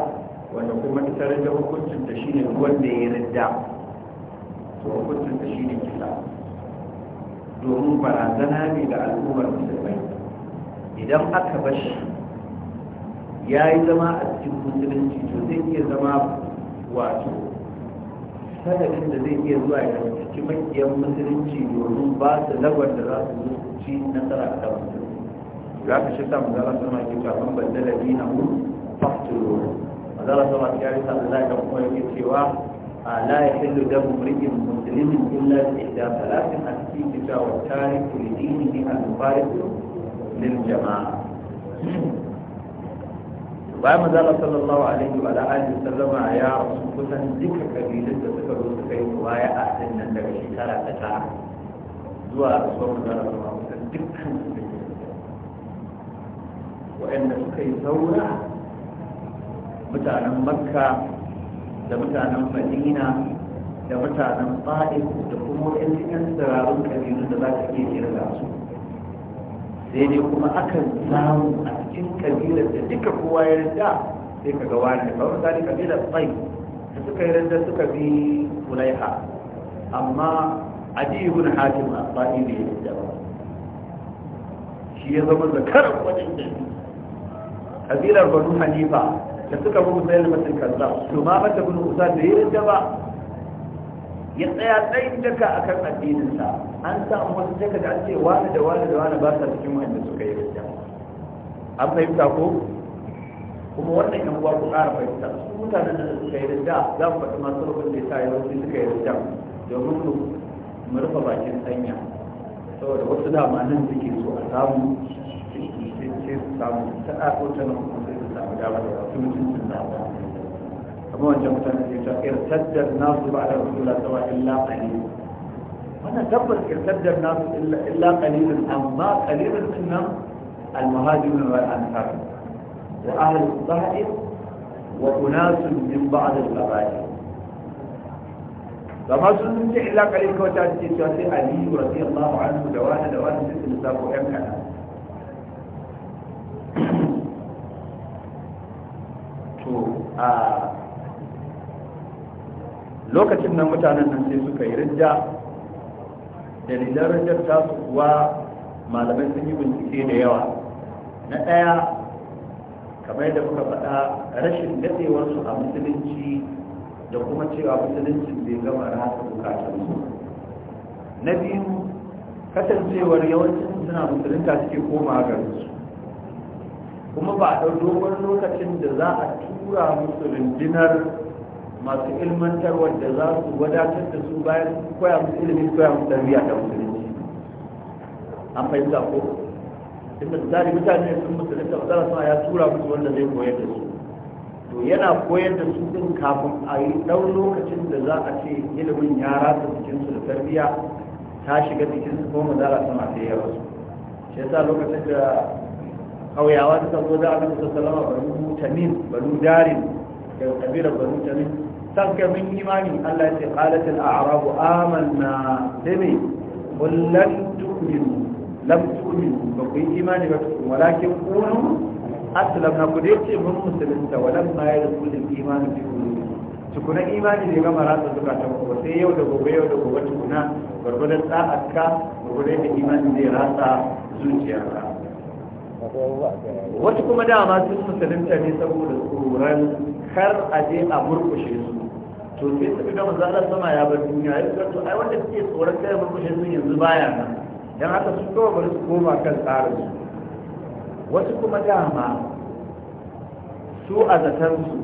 wanda kuma ta ridda hukuncin ta shine wanda ya ridda to hukuncin ta shine kisa domin barazana ne ga al'ummar musulmai idan aka bashi ya yi zama a cikin musulunci to zai iya zama wato sanadin da zai iya zuwa ya rikici makiyar musulunci domin ba su lagwar da za su zo ci nasara a kan musulunci za ka shi sa mazala ma ke kafin ban bandala dina mu fahturo mazala ma ya yi sa Allah ya kuma yake cewa a la ya hillu da mumrikin musulmin illa da ihda salatin a cikin kitawa tarihi lidini ne a zubarikul lil jama'a bayan manzala sallallahu alaihi wa alihi sallama ya rasu kusan duka kabilun da suka zo suka yi baya a din nan daga shekara ta ta zuwa rasuwar manzala sallallahu alaihi kusan dukkan su da ke wa'anda suka yi saura mutanen makka da mutanen madina da mutanen fa'id da kuma wa'yan cikin tsirarun kabilun da za ka iya kirga su sai dai kuma akan samu a cikin kabilar da duka kowa ya rinda sai ka ga wani ba misali kabilar tsai da suka yi rinda suka bi kulaiha amma a adi ibn hatim a tsai bai rinda ba shi ya zama zakarar wajen da kabilar banu hanifa da suka bi musayin masu kazzab su ma mata bin usa da yi rinda ba ya tsaya tsayin daga a kan addininsa an samu wasu daga da an ce wani da wani da wani ba sa cikin wanda suka yi rikya an fahimta ko kuma wannan yan uwa ku ƙara fahimta su mutanen da suka yi rikya za mu faɗi masu rukun da ya sa yawanci suka yi rikya domin mu rufe bakin sanya saboda wasu dama nan suke so a samu sai su samu ta ɗaɗo ta nan kuma sai su samu damar da wasu mutuncin sun zaɓa كونج متنزل ارتد الناصب على رسول الله سواء الا قليل وانا تقول ارتد الناصب الا قليل اما قليل منا المهاجمون والانصار واهل الطائف واناس من بعض القبائل فما سنمت الا قليل كوتات في علي رضي الله عنه دوانا دوانا ست نساب وامكنا آه. lokacin nan mutanen nan sai suka yi rijja dalilan rijjar tasu kuwa malamai sun yi bincike da yawa na ɗaya kamar da muka faɗa rashin daɗewarsu a musulunci da kuma cewa musulunci bai gama rasa su na biyu kasancewar yawancin suna musulunta suke koma su, kuma ba a ɗau dogon lokacin da za a tura musu rundunar masu ilmantarwar da za su wadatar da su bayan koya musu ilimi koya musu tarbiyya da musulunci an fahimta ko inda misali mutane sun musulunta ba za ya tura musu wanda zai koyar da su to yana koyar da su din kafin a yi ɗau lokacin da za a ce ilimin ya rasa su da tarbiyya ta shiga kuma ko mazala sama ta yawa wasu shi yasa lokacin da ƙauyawa suka zo da abin da sallama banu mutamin banu darin daga kabilar banu mutamin. saka mun imani Allah ce qalatil a'rabu amanna dame kullan lan tu'minu lam tu'minu ba ku imani ba walakin qulu aslamna ku dai ce mun musulunta walam ma yadkhul al-iman fi qulubikum tukuna imani ne ga marasa suka ta ko sai yau da gobe yau da gobe tukuna gurgurdan sa'atka gurgurdan da imani zai rasa zuciya zuciyarka wata kuma dama sun musulunta ne saboda tsoron kar a je a murkushe su to sai suka ga manzo Allah sama ya bar duniya ya ga to ai wanda suke tsoron kai murkushe sun yanzu baya nan dan haka su kawai bari su koma kan tsarin su wasu kuma dama su a zaton su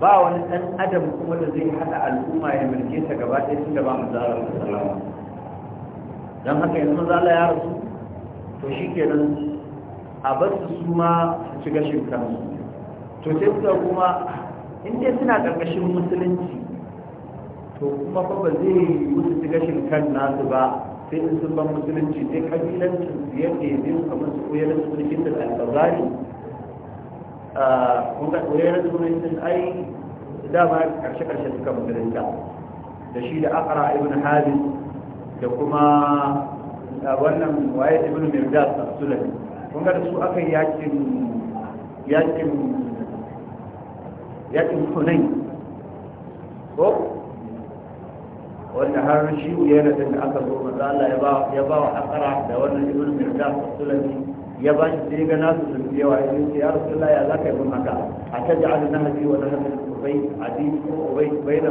ba wani dan adam kuma da zai hada al'umma ya mulke ta gaba ɗaya tunda ba manzo Allah sallallahu alaihi dan haka yanzu manzo Allah ya rasu to shikenan a bar su ma su ci gashin kansu to sai kuma in dai suna ƙarƙashin musulunci to kuma fa ba zai yi musu ci gashin kan nasu ba sai in sun ban musulunci sai kabilancin su yadda ya biyu kamar su koyar su sunan da al-bazari kun ga koyar su sunan shi ai dama karshe karshe suka musulunta da shi da aqra ibn hadis da kuma ah, wannan waye ibn mirdad sulaiman kun ga su aka yakin yakin يأتي بحنين صح؟ وأن هذا الشيء يانا تنعقل ومن قال الله يبا حقر عبدا وأن ابن مرداف الثلاثي يبا جديد ناس المسيح وعيدين يا رسول الله يا ذاك ابن مكا حتى جعل نهدي ونهد الأبيت عديد وأبيت بين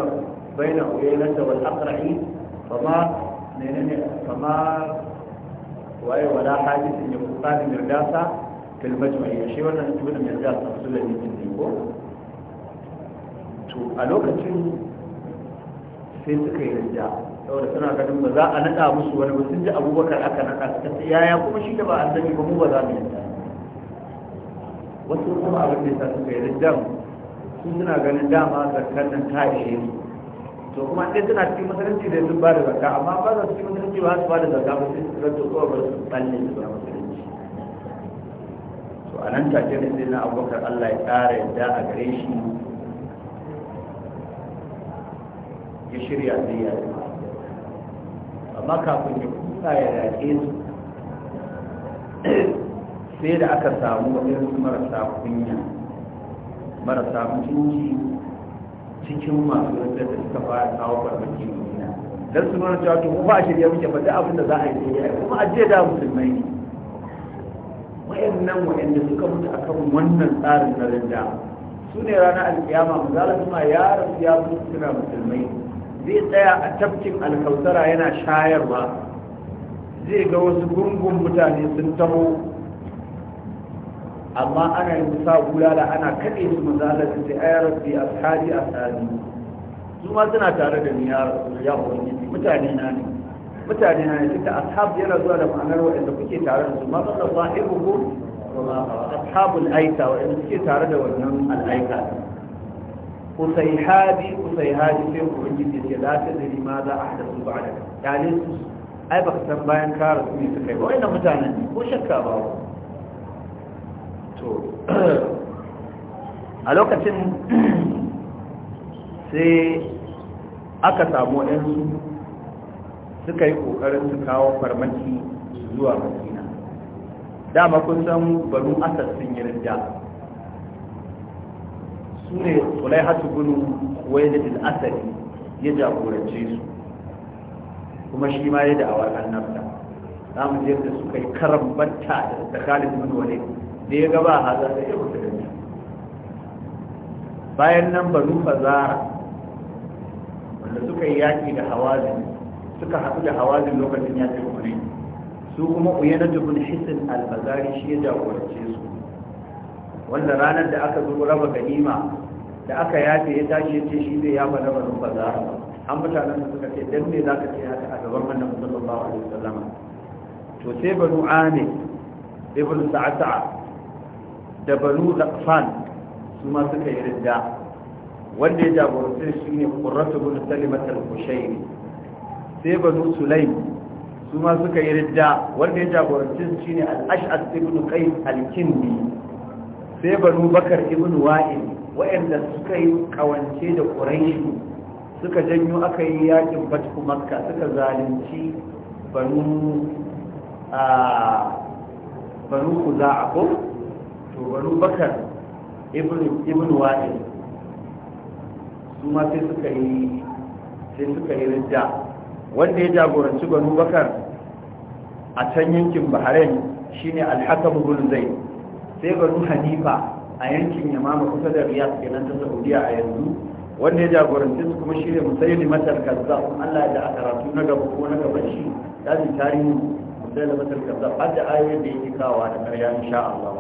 بين أبيلته والأقرعين فما فما وأي ولا حاجة أن يقطع مرداف في المجمع يا شيخ وأن ابن مرداف الثلاثي تنعقل to a lokacin sai suka yi rinja saboda suna ganin ba za a naɗa musu wani ba sun ji abubakar aka naɗa suka ce yaya kuma shi da ba a sani ba mu ba za mu yanta wasu kuma abin da ya suka yi rinjan sun suna ganin dama zakar nan ta ishe ni to kuma ɗaya suna cikin masaranci da sun ba da zakka amma ba za su cikin masaranci ba su ba da zakka ba sai su zanto kawai ba su tsalle su ba masaranci to a nan take ne sai na abubakar allah ya ƙara yadda a gare shi ya shirya zai ya amma kafin ya kusa ya yaƙe su sai da aka samu irin marasa kunya marasa mutunci cikin masu rantsa da suka fara kawo farmaki duniya Don su mara cewa to ba a shirya muke ba duk abin da za a yi yi. kuma a je da musulmai ne wayannan wayanda suka mutu a kan wannan tsarin na rinda su ne ranar alkiyama mu zalatu ma ya rasu ya mutu suna musulmai zai tsaya a tafkin alkautara yana shayarwa zai ga wasu gungun mutane sun taho amma ana yin sa bulala ana kaɗe su mazalar da sai ayar rabbi a ashabi su ma suna tare da ni ya ubangiji mutane na ne mutane na ne da ashab yana zuwa da ma'anar waɗanda kuke tare da su ma zan da sahibu ko ashabul aita waɗanda suke tare da wannan al'aika Kusai, Kusai, usaihabi sai ubangiji ce la ta da ma za a hada su ba da kyale su ai baka san bayan ka rasu ne suka yi ba wannan mutanen ne ko shakka ba to <clears throat> a lokacin <clears throat> sai aka samu ɗansu suka yi ƙoƙarin su kawo farmaki zuwa madina dama kun san banu asar sun yi rinja su ne kulai hatu gudu wani da asali ya jagorance su kuma shi ma ya da'awar annabta za mu je da suka yi karan batta da Khalid gudu wani. da ya gaba ha za ya mutu da bayan nan ba nufa zara. wanda suka yi yaki da hawazin suka haɗu da hawazin lokacin yaƙi ne su kuma na bin hisin albazari shi ya jagorance su wanda ranar da aka zo raba ganima da aka yafe ya tashi ya ce shi zai yafa na barin baza. za an mutanen da suka ce dan ne za ka ce haka a gaban annabi sallallahu alaihi wasallam to sai banu amir ibn sa'ata da banu zaqfan su ma suka yi ridda wanda ya jagoranci shi ne qurratu bin salimat al-qushayri sai banu sulaim su ma suka yi ridda wanda ya jagoranci shi ne al-ash'ad ibn qais al-kindi sai banu bakar ibn wa'il waɗanda suka yi kawance da ƙuraishu suka janyo aka yi yakin batku makka suka zalunci banu a banu a ko to banu bakar ibn wa'il su ma sai suka yi sai suka yi wanda ya jagoranci banu bakar a can yankin bahrain shine alhakam bin zaid sai banu hanifa a yankin yamama kusa da riyadh kenan ta saudiya a yanzu wanda ya jagoranci su kuma shine musayyid matar kazzab Allah da a karatu na gaba ko na gaban shi dalin tarihin musayyid matar kaza har da ayoyin da yake kawa da ƙarya insha Allah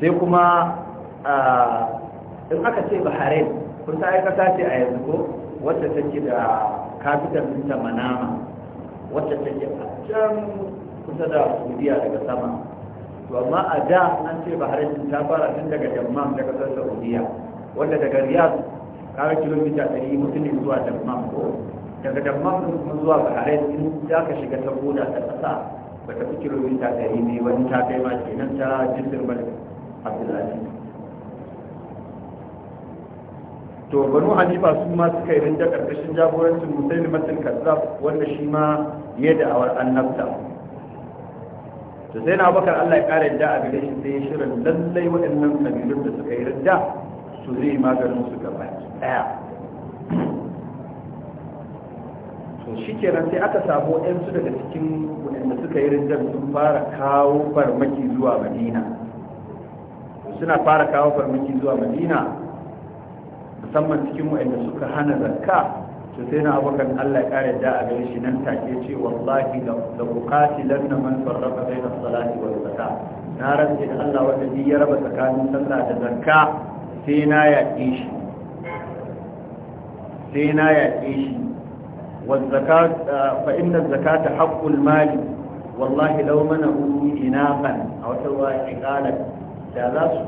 sai kuma in aka ce Bahrain kun ta aikata ce a yanzu ko wacce take da capital ta Manama wacce take a can kusa da Saudiya daga sama to amma a da an ce bahrain ta fara tun daga jamman daga kasar saudiya wanda daga riyar kawo kilomita 100 mutum zuwa jamman ko daga jamman kuma zuwa bahrain in za ka shiga ta koda ta kasa ba ta fi kilomita 100 ne wani ta kai ma kenan ta jirgin malik abdullahi to banu hanifa su ma suka yi rinjar karkashin jagorancin musulmatin kazzab wanda shi ma ya awar annabta da sai na bakar Allah ya kare da a gare shi sai ya shirin lallai waɗannan kabilun da suka yi rinda su zai yi maganin su gaba ɗaya to shi kenan sai aka samu ɗansu daga cikin waɗanda suka yi rinda sun fara kawo farmaki zuwa madina suna fara kawo farmaki zuwa madina musamman cikin waɗanda suka hana zakka to sai na abokan Allah ya kare da a gare shi nan take ce wallahi da uqatilan man farraqa baina salati wal zakat na rantsi da Allah wanda bi ya raba tsakanin sallah da zakka sai na yaƙe shi sai na yaƙe shi fa inna zakata haqqul mali wallahi law manahu inaqan aw tawa iqalat da za su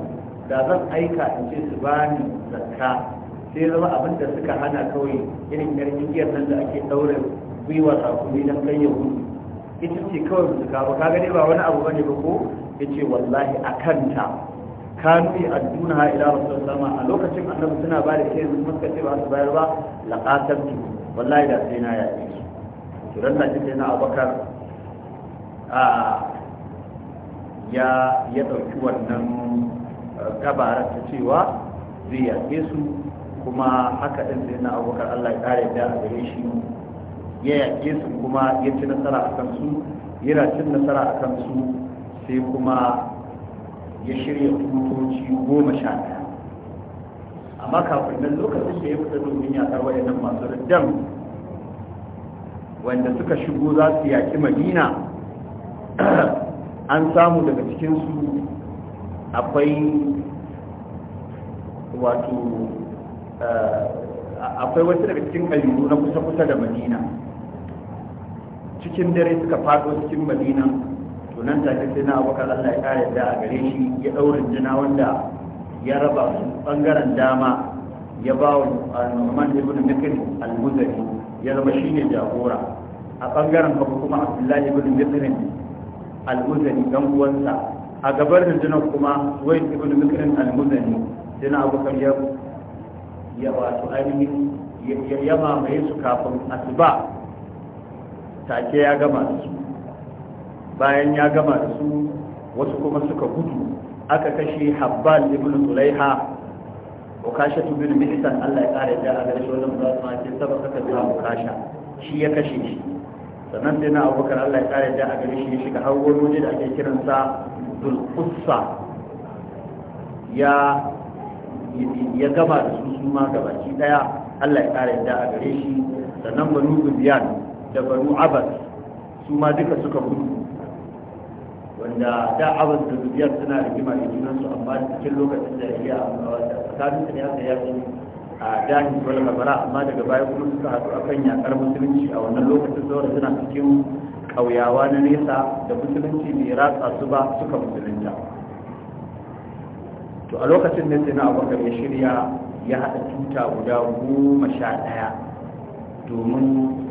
da zan aika in ce su bani zakka sai zama abin da suka hana kawai irin giyar nan da ake ɗaure gwiwa sakuni don kai ya ita ce kawai su kawo ka gani ba wani abu bane ba ko ya ce wallahi a kanta nufi a duna ha ila sama a lokacin annabi suna ba da kai su muka ba su bayar ba laqatan ki wallahi da sai na yaƙi su to nan sai na abokan a ya ya ɗauki wannan eh, kabarar ta cewa zai yaƙe su kuma haka ɗin sai na abokan allah ya ƙara yadda gare shi ya yaƙe su kuma ya ci nasara a kansu yana cin nasara a kansu sai kuma ya shirya tutoci goma sha ɗaya amma kafin nan lokacin da ya fita domin yaƙar waɗannan masu riddam wanda suka shigo za su yaƙi madina an samu daga cikinsu akwai wato Eh, akwai wasu daga cikin ƙabilu na kusa-kusa da madina cikin dare suka fado cikin madina to nan take sai na abokan allah ya kare da a gare shi ya daura jina wanda ya raba su ɓangaren dama ya ba wa eh, Nu'man ibn Mikr al-Muzani ya zama shine jagora a bangaren gaba kuma Abdullahi ibn Mikr al-Muzani dan uwansa a gabar rundunar kuma wai ibn Mikr al-Muzani sai na abokan ya ya wato ainihin ya mamaye su kafin asuba take ya gama da su bayan ya gama da su wasu kuma suka gudu aka kashe habbal ibn zulaiha ukasha ibn mihsan Allah ya kare da a shi wannan ba ma ce saba kaka ta kasha shi ya kashe shi sannan sai na abubakar Allah ya kare da a shi ya shiga har wani waje da ake kiransa dulqussa ya ya gama da su ma gabaki daya Allah ya kare da a gare shi sannan banu zubiyan da banu abbas su ma duka suka gudu wanda da abbas da zubiyan suna rigima da su amma cikin lokacin da ya a tsakanin su ne aka yaƙi a dahin wal gabara amma daga baya kuma suka haɗu kan yaƙar musulunci a wannan lokacin saboda suna cikin ƙauyawa na nesa da musulunci bai ratsa su ba suka musulunta to a lokacin ne sai na abokan ya shirya ya haɗa tuta guda goma sha ɗaya domin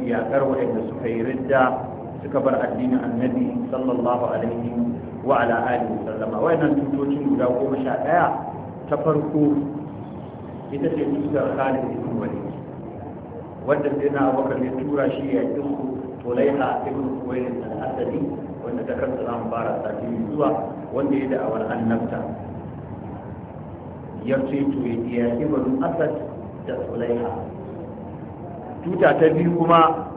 yaƙar waɗanda suka yi ridda suka bar addinin annabi sallallahu alaihi wa ala alihi sallama wayannan tutocin guda goma sha ɗaya ta farko ita ce tutar Khalid ibn Walid wanda sai na Abubakar ya tura shi ya yi Tulaiha ibn Kuwailid al-Asadi wanda ta kansa zamu fara sati zuwa wanda ya da awar annabta ya ce to ya ibn asad da sulaiha tuta ta biyu kuma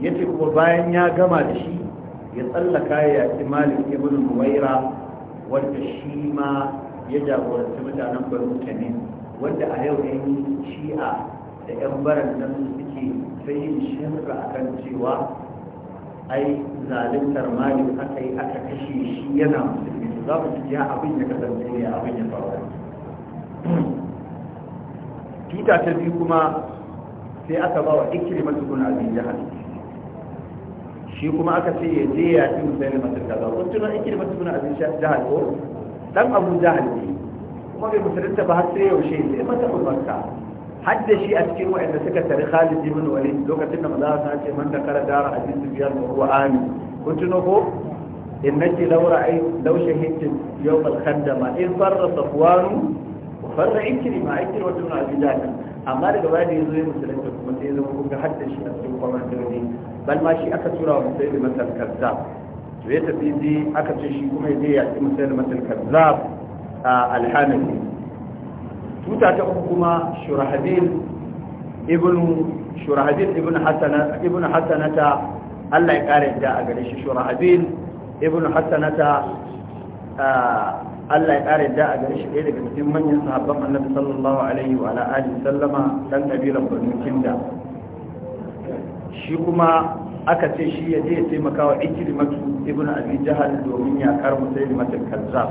ya ce kuma bayan ya gama da shi ya tsallaka ya yaki malik ibn muwaira wanda shi ma ya jagoranci mutanen banu tamim wanda a yau yan shi'a da yan baran nan suke ta yin shirka kan cewa ai zalintar malik aka yi aka kashe shi yana musulmi za mu ji abin ya kasance ne abin ya faru tuta ta biyu kuma sai aka ba wa ikirma tukun abin jihar shi kuma aka ce ya je ya fi musayar masu kaza kun tunan ikirma tukun abin jihar ko dan abu jihar ne kuma bai musulunta ba har sai yaushe sai mata umarka da shi a cikin waɗanda suka tare Khalid ibn Walid lokacin da maza ta ce man dakara dara hadis biyar wa huwa amin kun tuno ko innaki law ra'ay law shahidtum yawm al-khandama in farra safwanu farza aikin ikrima tun abin daɗi. amma daga baya da yazo ya musulunta kuma sai zama kun ga hadda shi a cikin kwamandoni bal ma shi aka tura wa musayyid masal kazzab to ya tafi ji aka ce shi kuma ya je ya ci da masal kazzab a alhanafi tuta ta uku kuma shurahadin ibnu shurahadin ibnu hasana ibnu hasanata Allah ya kare da a gare shi shurahadin ibnu hasanata Allah ya ƙara yadda a gari shi ɗaya daga cikin manyan sahabban annabi sallallahu alaihi wa alihi sallama dan kabilar Banu Kinda shi kuma aka ce shi ya je ya taimaka wa Ikrimatu ibn Abi Jahal domin ya kar Musaylimatul Kazzab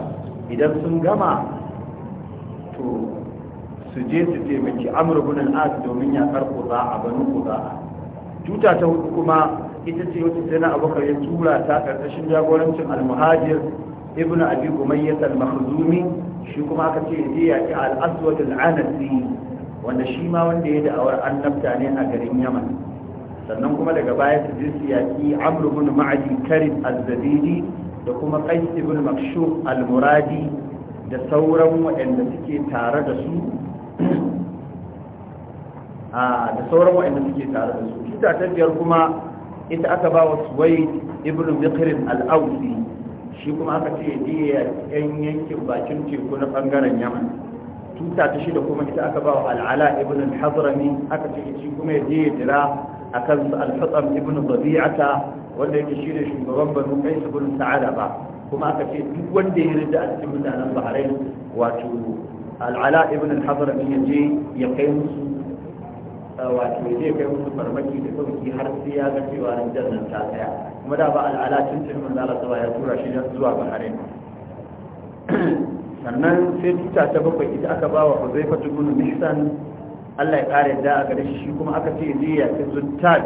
idan sun gama to su je su taimaki Amr ibn al-As domin ya kar Quza a Banu Quza tuta ta hudu kuma ita ce wata sai na Abubakar ya tura ta karkashin jagorancin al-Muhajir ibn abi umayyah al-makhzumi shi kuma aka ce yaje ya ci al-aswad al-anasi wanda shi ma wanda ya da'awar annabta ne a garin yaman sannan kuma daga baya su ji siyaki amr ibn ma'adi karim az-zabidi da kuma qais ibn makshuf al-muradi da sauran waɗanda suke tare da su a ah, da sauran waɗanda suke tare da su kita ta biyar kuma ita aka ba wa suwaid ibn biqrin al-ausi shi kuma aka ce ya je yan yankin bakin teku na bangaren yaman tuta ta shida kuma ita aka ba wa al'ala ibn al-hadrami aka ce shi kuma ya je ya jira a kan al-hatsam ibn zabi'ata wanda yake shi ne shugaban banu kai su gudun sa'ada ba kuma aka ce duk wanda ya rinda a cikin mutanen bahrain wato al'ala ibn al-hadrami ya je ya kai musu wato zai kai musu farmaki da sauki har sai ya ga cewa rinjar nan ta tsaya kuma da ba al'ala tun tun manzo Allah saba ya tura shi zuwa bahare. <clears throat> sannan sai tuta ta bakwai ita aka ba wa Huzaifa ibn Mihsan Allah ya kare da a gare shi kuma aka ce zai ya Zuntaj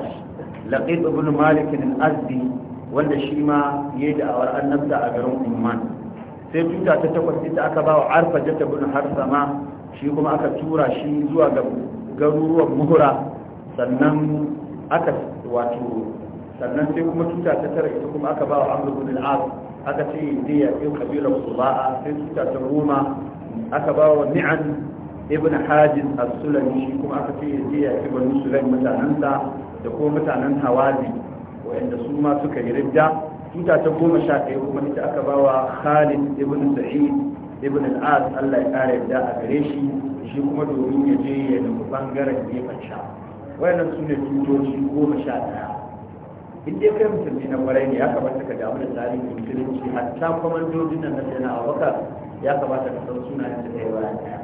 Laqit ibn Malik al-Azdi wanda shi ma ya yi da'awar annabta a garin Umman sai tuta ta takwas ita aka ba wa Arfa har sama shi kuma aka tura shi zuwa ga garuruwan muhura sannan aka wato sannan sai kuma tuta ta tara ita kuma aka ba wa amur bin al'ad aka ce zai yaƙi kabilar suba'a sai tuta ta roma aka ba wa ni'an ibn hajin as-sulami shi kuma aka ce zai yaƙi banu sulaim mutanensa da kuma mutanen hawazi wa'anda su ma suka yi ridda tuta ta goma sha ɗaya kuma ita aka ba wa khalid ibn sa'id ibn al'ad allah ya ƙara yadda a gare shi shi kuma domin ya je ya nufi bangaren gefen sha wayannan su ne tutoci goma sha ɗaya in dai kai musulmi na kwarai ne ya kamata ka damu da tsarin musulunci hatta kwamandojin nan na a abubakar ya kamata ka san suna yadda ta yi bayan ɗaya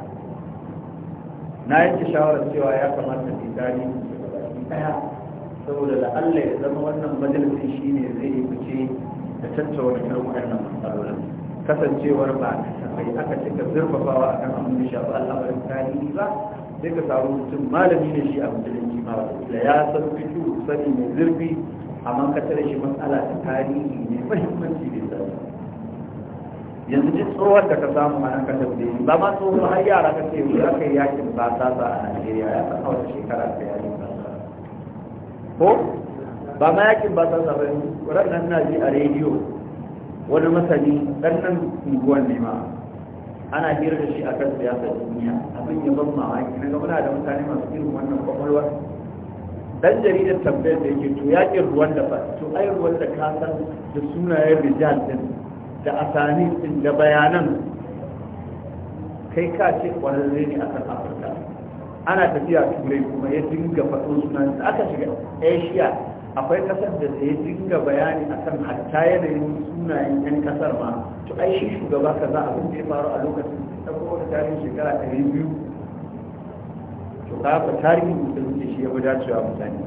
na yanke shawarar cewa ya kamata ka yi musulunci ɗaya saboda da Allah ya zama wannan majalisin shine zai yi fice da tattauna irin waɗannan matsalolin kasancewar ba a bai aka cika zurfafawa akan abin da shafi al'amarin tarihi ba sai ka samu mutum malami ne shi a musulunci ma da ya san fito sani mai zurfi amma ka tare shi matsala ta tarihi ne mahimmanci da sani yanzu duk tsohon da ka samu a nan ka tambaye ba ma tsohon har yara ka ce wuri aka yi yakin ba ta a Najeriya ya san wata shekara ta yakin ba ko ba ma yakin ba ta ba ran nan na ji a rediyo wani masani ɗan ɗan unguwan ne ana hira da shi a kan siyasar duniya abin ya ban mamaki na ga da mutane masu irin wannan kwakwalwar dan jaridar tambayar da yake to yakin ruwan da ba to ai ruwan da ka san da sunayen rijal din da asani din da bayanan kai ka ce kwararre ne a kan afirka ana tafiya turai kuma ya dinga faɗo sunan da aka shiga asia akwai kasar da sai dinga bayani akan hatta yanayin sunayen yan kasar ma to ai shi shugaba za a da ya faru a lokacin da kuma da tarihin shekara ɗari biyu to ka fa tarihin musulunci shi ya fi dacewa mutane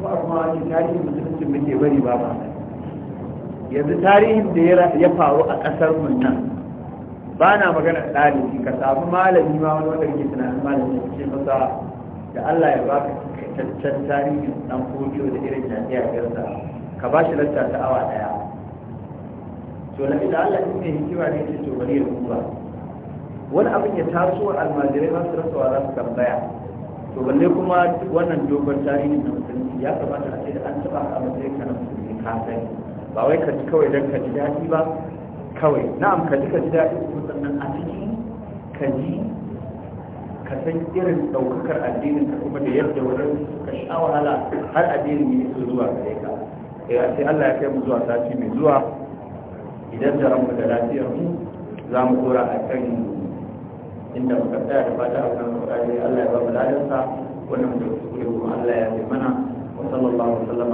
ko a kuma wani tarihin musulunci muke bari ba ba yanzu tarihin da ya faru a kasar mun nan ba na magana ɗalibi ka samu malami ma wani wanda ke tunanin malami ce masa da Allah ya baka cikakken tarihin dan kodiyo da irin jami'a garsa ka ba shi lanta ta awa daya to na da Allah in yi hikima ne ce to bari ya duba wani abin ya taso almajirai har su rasa wa za su tambaya to balle kuma wannan dogon tarihin na musulunci ya kamata a ce da an taba a matsayin kana musulmi ka sani ba wai ka ji kawai don ka ji daɗi ba kawai na'am ka ji ka ji daɗi ko sannan a ciki ka ji ka san irin ɗaukakar addinin ka kuma da yadda wurin ka sha wahala har addinin ya su zuwa gare ka sai eh, Allah ya kai mu zuwa sati mai zuwa idan da ranmu da lafiyar mu za mu dora a kan inda muka tsaya da fata a kan kuɗaɗe Allah ya ba mu ladansa wannan da kuskure kuma Allah ya yi mana wa sallallahu alaihi wa sallam